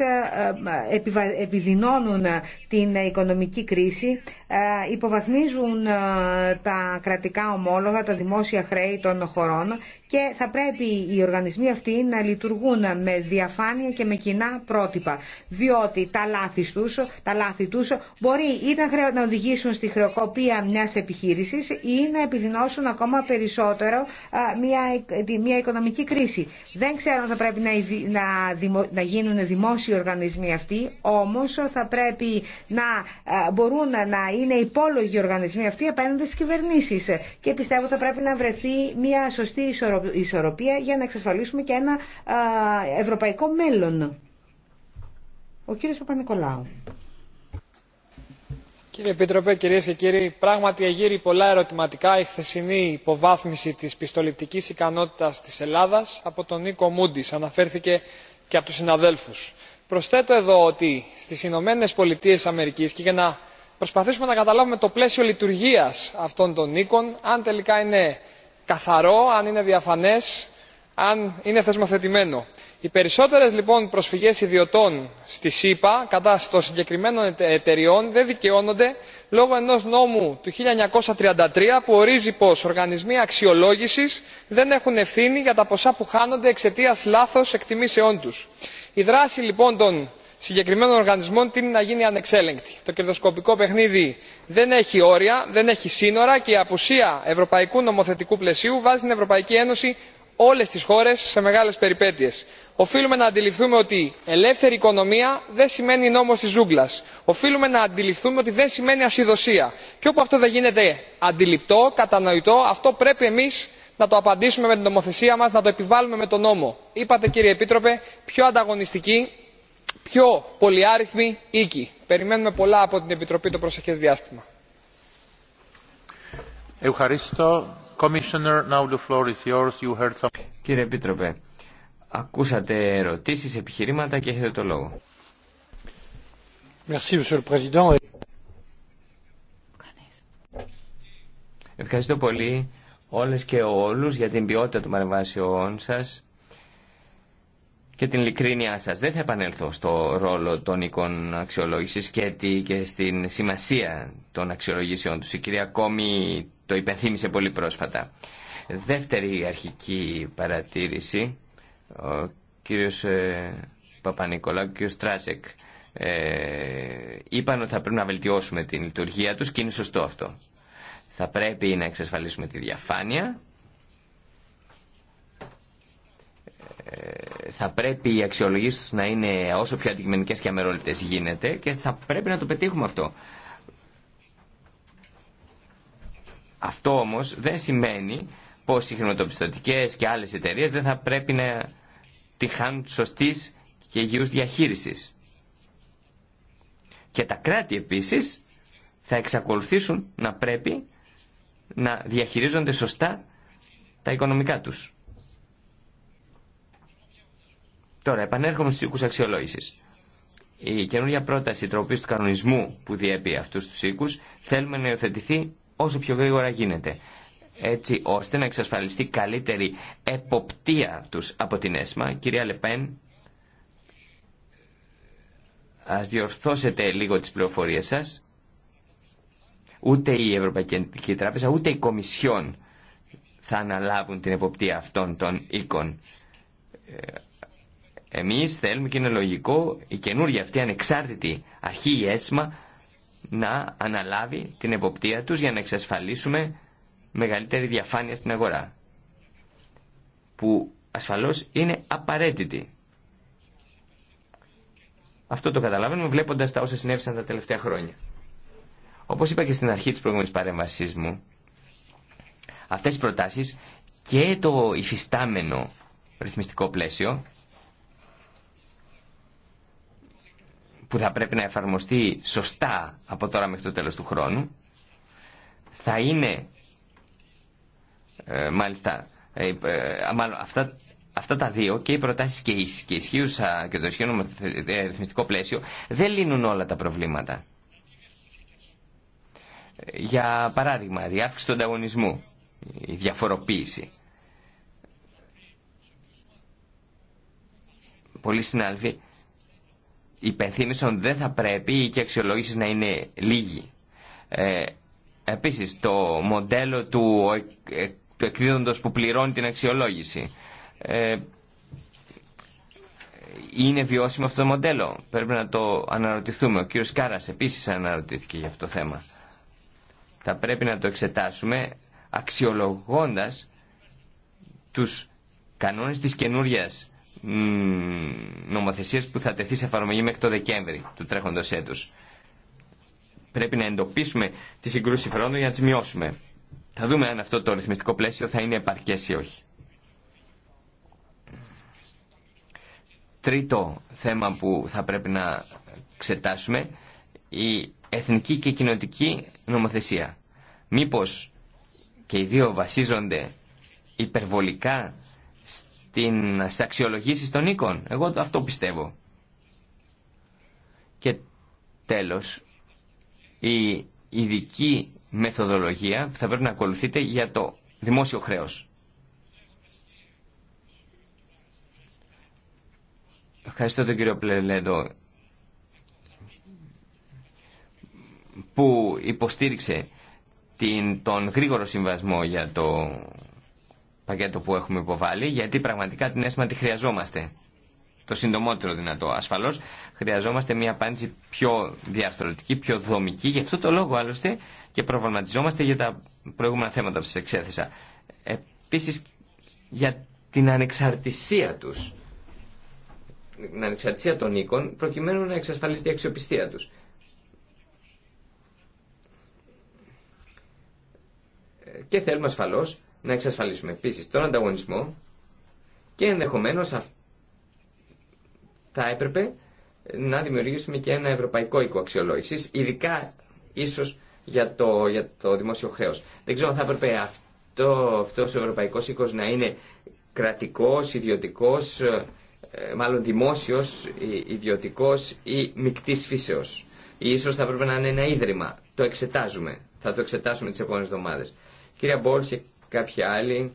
επιδεινώνουν την οικονομική κρίση, ε, υποβαθμίζουν ε, τα κρατικά ομόλογα, τα δημόσια χρέη των χωρών και θα πρέπει οι οργανισμοί αυτοί να λειτουργούν με διαφάνεια και με κοινά πρότυπα. Διότι τα λάθη τους, τα λάθη τους μπορεί ή να, οδηγήσουν στη χρεοκοπία μιας επιχείρησης ή να επιδεινώσουν ακόμα περισσότερο ε, μια, οικονομική κρίση. Δεν ξέρω αν θα πρέπει να, γίνουν δημόσιοι οργανισμοί αυτοί, όμως θα πρέπει να μπορούν να είναι υπόλογοι οργανισμοί αυτοί απέναντι στι κυβερνήσει. και πιστεύω θα πρέπει να βρεθεί μια σωστή ισορροπία για να εξασφαλίσουμε και ένα ευρωπαϊκό μέλλον. Ο κύριο παπα Παπα-Νικολάου. Κύριε Επίτροπε, κυρίε και κύριοι, πράγματι εγείρει πολλά ερωτηματικά η χθεσινή υποβάθμιση τη πιστοληπτική ικανότητα τη Ελλάδα από τον Νίκο Μούντι. αναφέρθηκε και από του συναδέλφου. Προσθέτω εδώ ότι στι Ηνωμένε Πολιτείε Αμερική και για να προσπαθήσουμε να καταλάβουμε το πλαίσιο λειτουργία αυτών των οίκων αν τελικά είναι καθαρό αν είναι διαφανέ αν είναι θεσμοθετημένο. οι περισσότερε λοιπόν προσφυγέ ιδιωτών στη ηπα κατά των συγκεκριμένων εταιριών δεν δικαιώνονται λόγω ενό νόμου του 1933, που ορίζει πω οργανισμοί αξιολόγηση δεν έχουν ευθύνη για τα ποσά που χάνονται εξαιτία λάθο εκτιμήσεών του. η δράση λοιπόν των συγκεκριμένων οργανισμών τείνει να γίνει ανεξέλεγκτη. το κερδοσκοπικό παιχνίδι δεν έχει όρια δεν έχει σύνορα και η απουσία ευρωπαϊκού νομοθετικού πλαισίου βάζει την ευρωπαϊκή ένωση όλε τι χώρε σε μεγάλε περιπέτειε. οφείλουμε να αντιληφθούμε ότι ελεύθερη οικονομία δεν σημαίνει νόμο τη ζούγκλα. οφείλουμε να αντιληφθούμε ότι δεν σημαίνει ασυδοσία. και όπου αυτό δεν γίνεται αντιληπτό κατανοητό αυτό πρέπει εμεί να το απαντήσουμε με την νομοθεσία μα να το επιβάλλουμε με τον νόμο. είπατε κύριε επίτροπε πιο ανταγωνιστική πιο πολυάριθμη οίκη. Περιμένουμε πολλά από την Επιτροπή το προσεχές διάστημα. Ευχαριστώ. Κύριε Επίτροπε, ακούσατε ερωτήσεις, επιχειρήματα και έχετε το λόγο. Ευχαριστώ πολύ όλες και όλους για την ποιότητα των παρεμβάσεών σας και την ειλικρίνειά σας. Δεν θα επανέλθω στο ρόλο των οίκων αξιολόγηση και, και στην σημασία των αξιολογήσεων του, Η κυρία Κόμη το υπενθύμησε πολύ πρόσφατα. Δεύτερη αρχική παρατήρηση, ο κύριος ε, Παπα-Νικολάου και ο Στράσεκ ε, είπαν ότι θα πρέπει να βελτιώσουμε την λειτουργία του και είναι σωστό αυτό. Θα πρέπει να εξασφαλίσουμε τη διαφάνεια Ε, θα πρέπει οι του να είναι όσο πιο αντικειμενικέ και αμερόληπτες γίνεται και θα πρέπει να το πετύχουμε αυτό. Αυτό όμως δεν σημαίνει πως οι χρηματοπιστωτικές και άλλες εταιρείε δεν θα πρέπει να τη χάνουν σωστής και υγιού διαχείρισης. Και τα κράτη επίσης θα εξακολουθήσουν να πρέπει να διαχειρίζονται σωστά τα οικονομικά τους. Τώρα, επανέρχομαι στου οίκου αξιολόγηση. Η καινούργια πρόταση τροπή του κανονισμού που διέπει αυτού του οίκου θέλουμε να υιοθετηθεί όσο πιο γρήγορα γίνεται έτσι ώστε να εξασφαλιστεί καλύτερη εποπτεία του από την ΕΣΜΑ. Κυρία Λεπέν, Α διορθώσετε λίγο τι πληροφορίε σα. Ούτε η Ευρωπαϊκή Εντική Τράπεζα, ούτε η Κομισιόν θα αναλάβουν την εποπτεία αυτών των οίκων. Ε, εμείς θέλουμε και είναι λογικό η καινούργια αυτή ανεξάρτητη αρχή η ΕΣΜΑ να αναλάβει την εποπτεία τους για να εξασφαλίσουμε μεγαλύτερη διαφάνεια στην αγορά που ασφαλώς είναι απαραίτητη. Αυτό το καταλαβαίνουμε βλέποντας τα όσα συνέβησαν τα τελευταία χρόνια. Όπως είπα και στην αρχή τη προηγούμενη παρεμβασή μου, αυτέ οι προτάσει και το υφιστάμενο ρυθμιστικό πλαίσιο που θα πρέπει να εφαρμοστεί σωστά από τώρα μέχρι το τέλος του χρόνου θα είναι ε, μάλιστα ε, ε, αυτά, αυτά τα δύο και οι προτάσεις και, η, και, ισχύουσα, και το ισχύον ρυθμιστικό πλαίσιο δεν λύνουν όλα τα προβλήματα. Για παράδειγμα, η αύξηση του ανταγωνισμού, η διαφοροποίηση. Πολύ συνάδελφοι ότι δεν θα πρέπει και αξιολόγηση να είναι λίγη. Ε, επίσης, το μοντέλο του, ε, του εκδίδοντος που πληρώνει την αξιολόγηση. Ε, είναι βιώσιμο αυτό το μοντέλο. Πρέπει να το αναρωτηθούμε. Ο κύριος Κάρας επίσης αναρωτήθηκε για αυτό το θέμα. Θα πρέπει να το εξετάσουμε αξιολογώντας τους κανόνες της καινούριας νομοθεσίες που θα τεθεί σε εφαρμογή μέχρι το Δεκέμβρη του τρέχοντος έτους. Πρέπει να εντοπίσουμε τις συγκρούσεις συμφερόντων για να τις μειώσουμε. Θα δούμε αν αυτό το ρυθμιστικό πλαίσιο θα είναι επαρκές ή όχι. Τρίτο θέμα που θα πρέπει να εξετάσουμε η εθνική και κοινωτική νομοθεσία. Μήπως και οι δύο βασίζονται υπερβολικά την στις των οίκων. Εγώ αυτό πιστεύω. Και τέλος, η ειδική μεθοδολογία που θα πρέπει να ακολουθείτε για το δημόσιο χρέος. Ευχαριστώ τον κύριο Πλελέντο που υποστήριξε την, τον γρήγορο συμβασμό για το πακέτο που έχουμε υποβάλει, γιατί πραγματικά την αίσθημα τη χρειαζόμαστε. Το συντομότερο δυνατό. Ασφαλώς χρειαζόμαστε μια απάντηση πιο διαρθρωτική, πιο δομική. Γι' αυτό το λόγο άλλωστε και προβληματιζόμαστε για τα προηγούμενα θέματα που σας εξέθεσα. Επίσης για την ανεξαρτησία τους. Την ανεξαρτησία των οίκων προκειμένου να εξασφαλίσει η αξιοπιστία τους. Και θέλουμε ασφαλώς να εξασφαλίσουμε επίση τον ανταγωνισμό και ενδεχομένω θα έπρεπε να δημιουργήσουμε και ένα ευρωπαϊκό οίκο αξιολόγηση, ειδικά ίσω για το, για το δημόσιο χρέο. Δεν ξέρω αν θα έπρεπε αυτό, αυτός ο ευρωπαϊκό οίκο να είναι κρατικό, ιδιωτικό, ε, ε, μάλλον δημόσιο, ε, ιδιωτικό ή μεικτή φύσεως. ίσως θα έπρεπε να είναι ένα ίδρυμα. Το εξετάζουμε. Θα το εξετάσουμε τις επόμενες εβδομάδες. Κυρία Μπόλση, Κάποιοι άλλοι,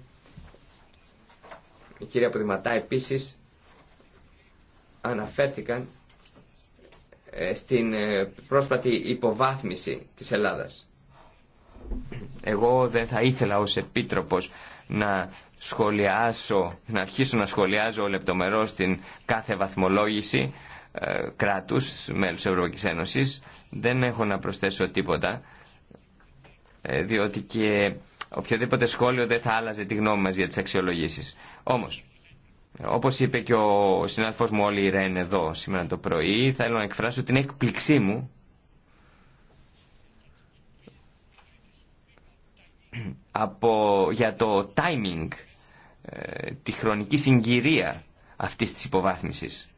η κυρία Ποδηματά επίσης, αναφέρθηκαν ε, στην ε, πρόσφατη υποβάθμιση της Ελλάδας. Εγώ δεν θα ήθελα ως επίτροπος να σχολιάσω, να αρχίσω να σχολιάζω λεπτομερώς την κάθε βαθμολόγηση ε, κράτους μέλους Ευρωπαϊκής Ένωσης. Δεν έχω να προσθέσω τίποτα, διότι και οποιοδήποτε σχόλιο δεν θα άλλαζε τη γνώμη μας για τις αξιολογήσεις. Όμως, όπως είπε και ο συνάδελφος μου όλοι η Ρέν εδώ σήμερα το πρωί, θέλω να εκφράσω την έκπληξή μου από, για το timing, ε, τη χρονική συγκυρία αυτής της υποβάθμισης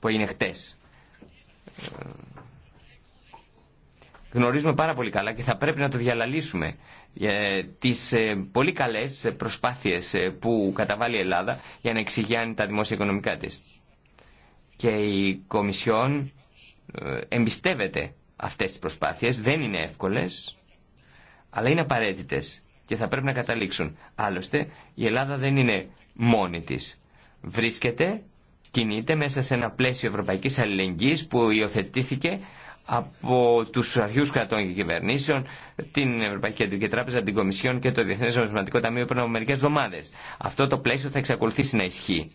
που είναι χτες. Ε, γνωρίζουμε πάρα πολύ καλά και θα πρέπει να το διαλαλήσουμε ε, τις ε, πολύ καλές προσπάθειες ε, που καταβάλει η Ελλάδα για να εξηγιάνει τα δημόσια οικονομικά της. Και η Κομισιόν εμπιστεύεται αυτές τις προσπάθειες, δεν είναι εύκολες, αλλά είναι απαραίτητες και θα πρέπει να καταλήξουν. Άλλωστε, η Ελλάδα δεν είναι μόνη της. Βρίσκεται, κινείται μέσα σε ένα πλαίσιο ευρωπαϊκής αλληλεγγύης που υιοθετήθηκε από τους αρχιούς κρατών και κυβερνήσεων, την Ευρωπαϊκή Κεντρική Τράπεζα, την Κομισιόν και το Διεθνές Νομισματικό Ταμείο πριν από μερικές εβδομάδες. Αυτό το πλαίσιο θα εξακολουθήσει να ισχύει.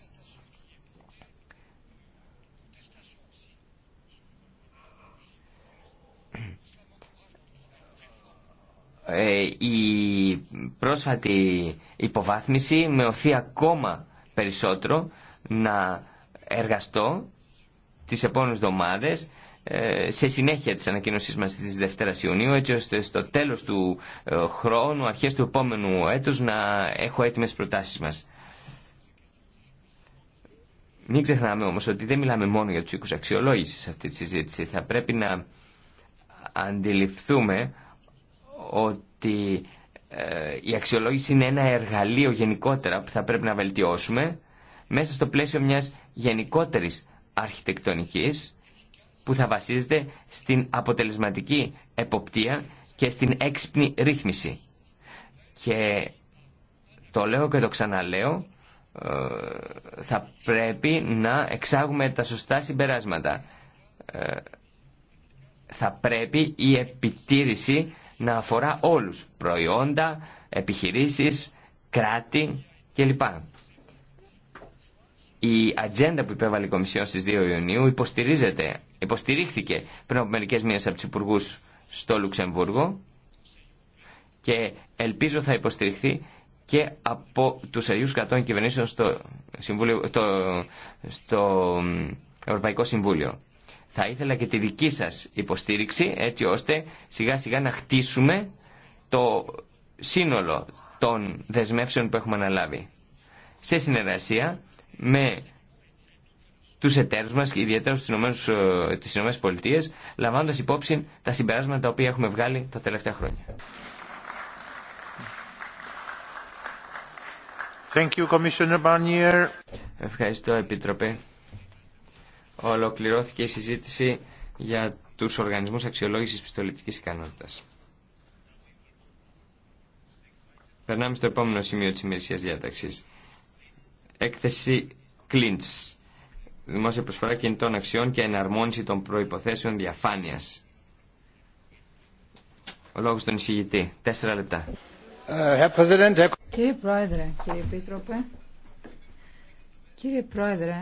Ε, η πρόσφατη υποβάθμιση με οθεί ακόμα περισσότερο να εργαστώ τις επόμενες εβδομάδες ε, σε συνέχεια της ανακοίνωσής μας της Δευτέρας Ιουνίου έτσι ώστε στο τέλος του ε, χρόνου, αρχές του επόμενου έτους να έχω έτοιμες προτάσεις μας. Μην ξεχνάμε όμως ότι δεν μιλάμε μόνο για τους οίκους αξιολόγησης σε αυτή τη συζήτηση. Θα πρέπει να αντιληφθούμε ότι ε, η αξιολόγηση είναι ένα εργαλείο γενικότερα που θα πρέπει να βελτιώσουμε μέσα στο πλαίσιο μιας γενικότερης αρχιτεκτονικής που θα βασίζεται στην αποτελεσματική εποπτεία και στην έξυπνη ρύθμιση. Και το λέω και το ξαναλέω, ε, θα πρέπει να εξάγουμε τα σωστά συμπεράσματα. Ε, θα πρέπει η επιτήρηση να αφορά όλους, προϊόντα, επιχειρήσεις, κράτη κλπ. Η ατζέντα που υπέβαλε η Κομισιόν στις 2 Ιουνίου υποστηρίζεται υποστηρίχθηκε πριν από μερικές μήνες από τους υπουργού στο Λουξεμβούργο και ελπίζω θα υποστηριχθεί και από τους αριούς κρατών κυβερνήσεων στο, Συμβούλιο, στο, στο Ευρωπαϊκό Συμβούλιο. Θα ήθελα και τη δική σας υποστήριξη έτσι ώστε σιγά σιγά να χτίσουμε το σύνολο των δεσμεύσεων που έχουμε αναλάβει. Σε συνεργασία με τους εταίρους μας, ιδιαίτερα στις ε, Ηνωμένες, τις υπόψη τα συμπεράσματα τα οποία έχουμε βγάλει τα τελευταία χρόνια. Ευχαριστώ, Επίτροπε. Ολοκληρώθηκε η συζήτηση για τους οργανισμούς αξιολόγησης πιστοληπτικής ικανότητας. Περνάμε στο επόμενο σημείο της ημερησίας διάταξης. Έκθεση Κλίντς δημόσια προσφορά κινητών αξιών και εναρμόνιση των προϋποθέσεων διαφάνειας. Ο λόγος στον εισηγητή. Τέσσερα λεπτά. Ε, κύριε Πρόεδρε, κύριε Επίτροπε, κύριε Πρόεδρε,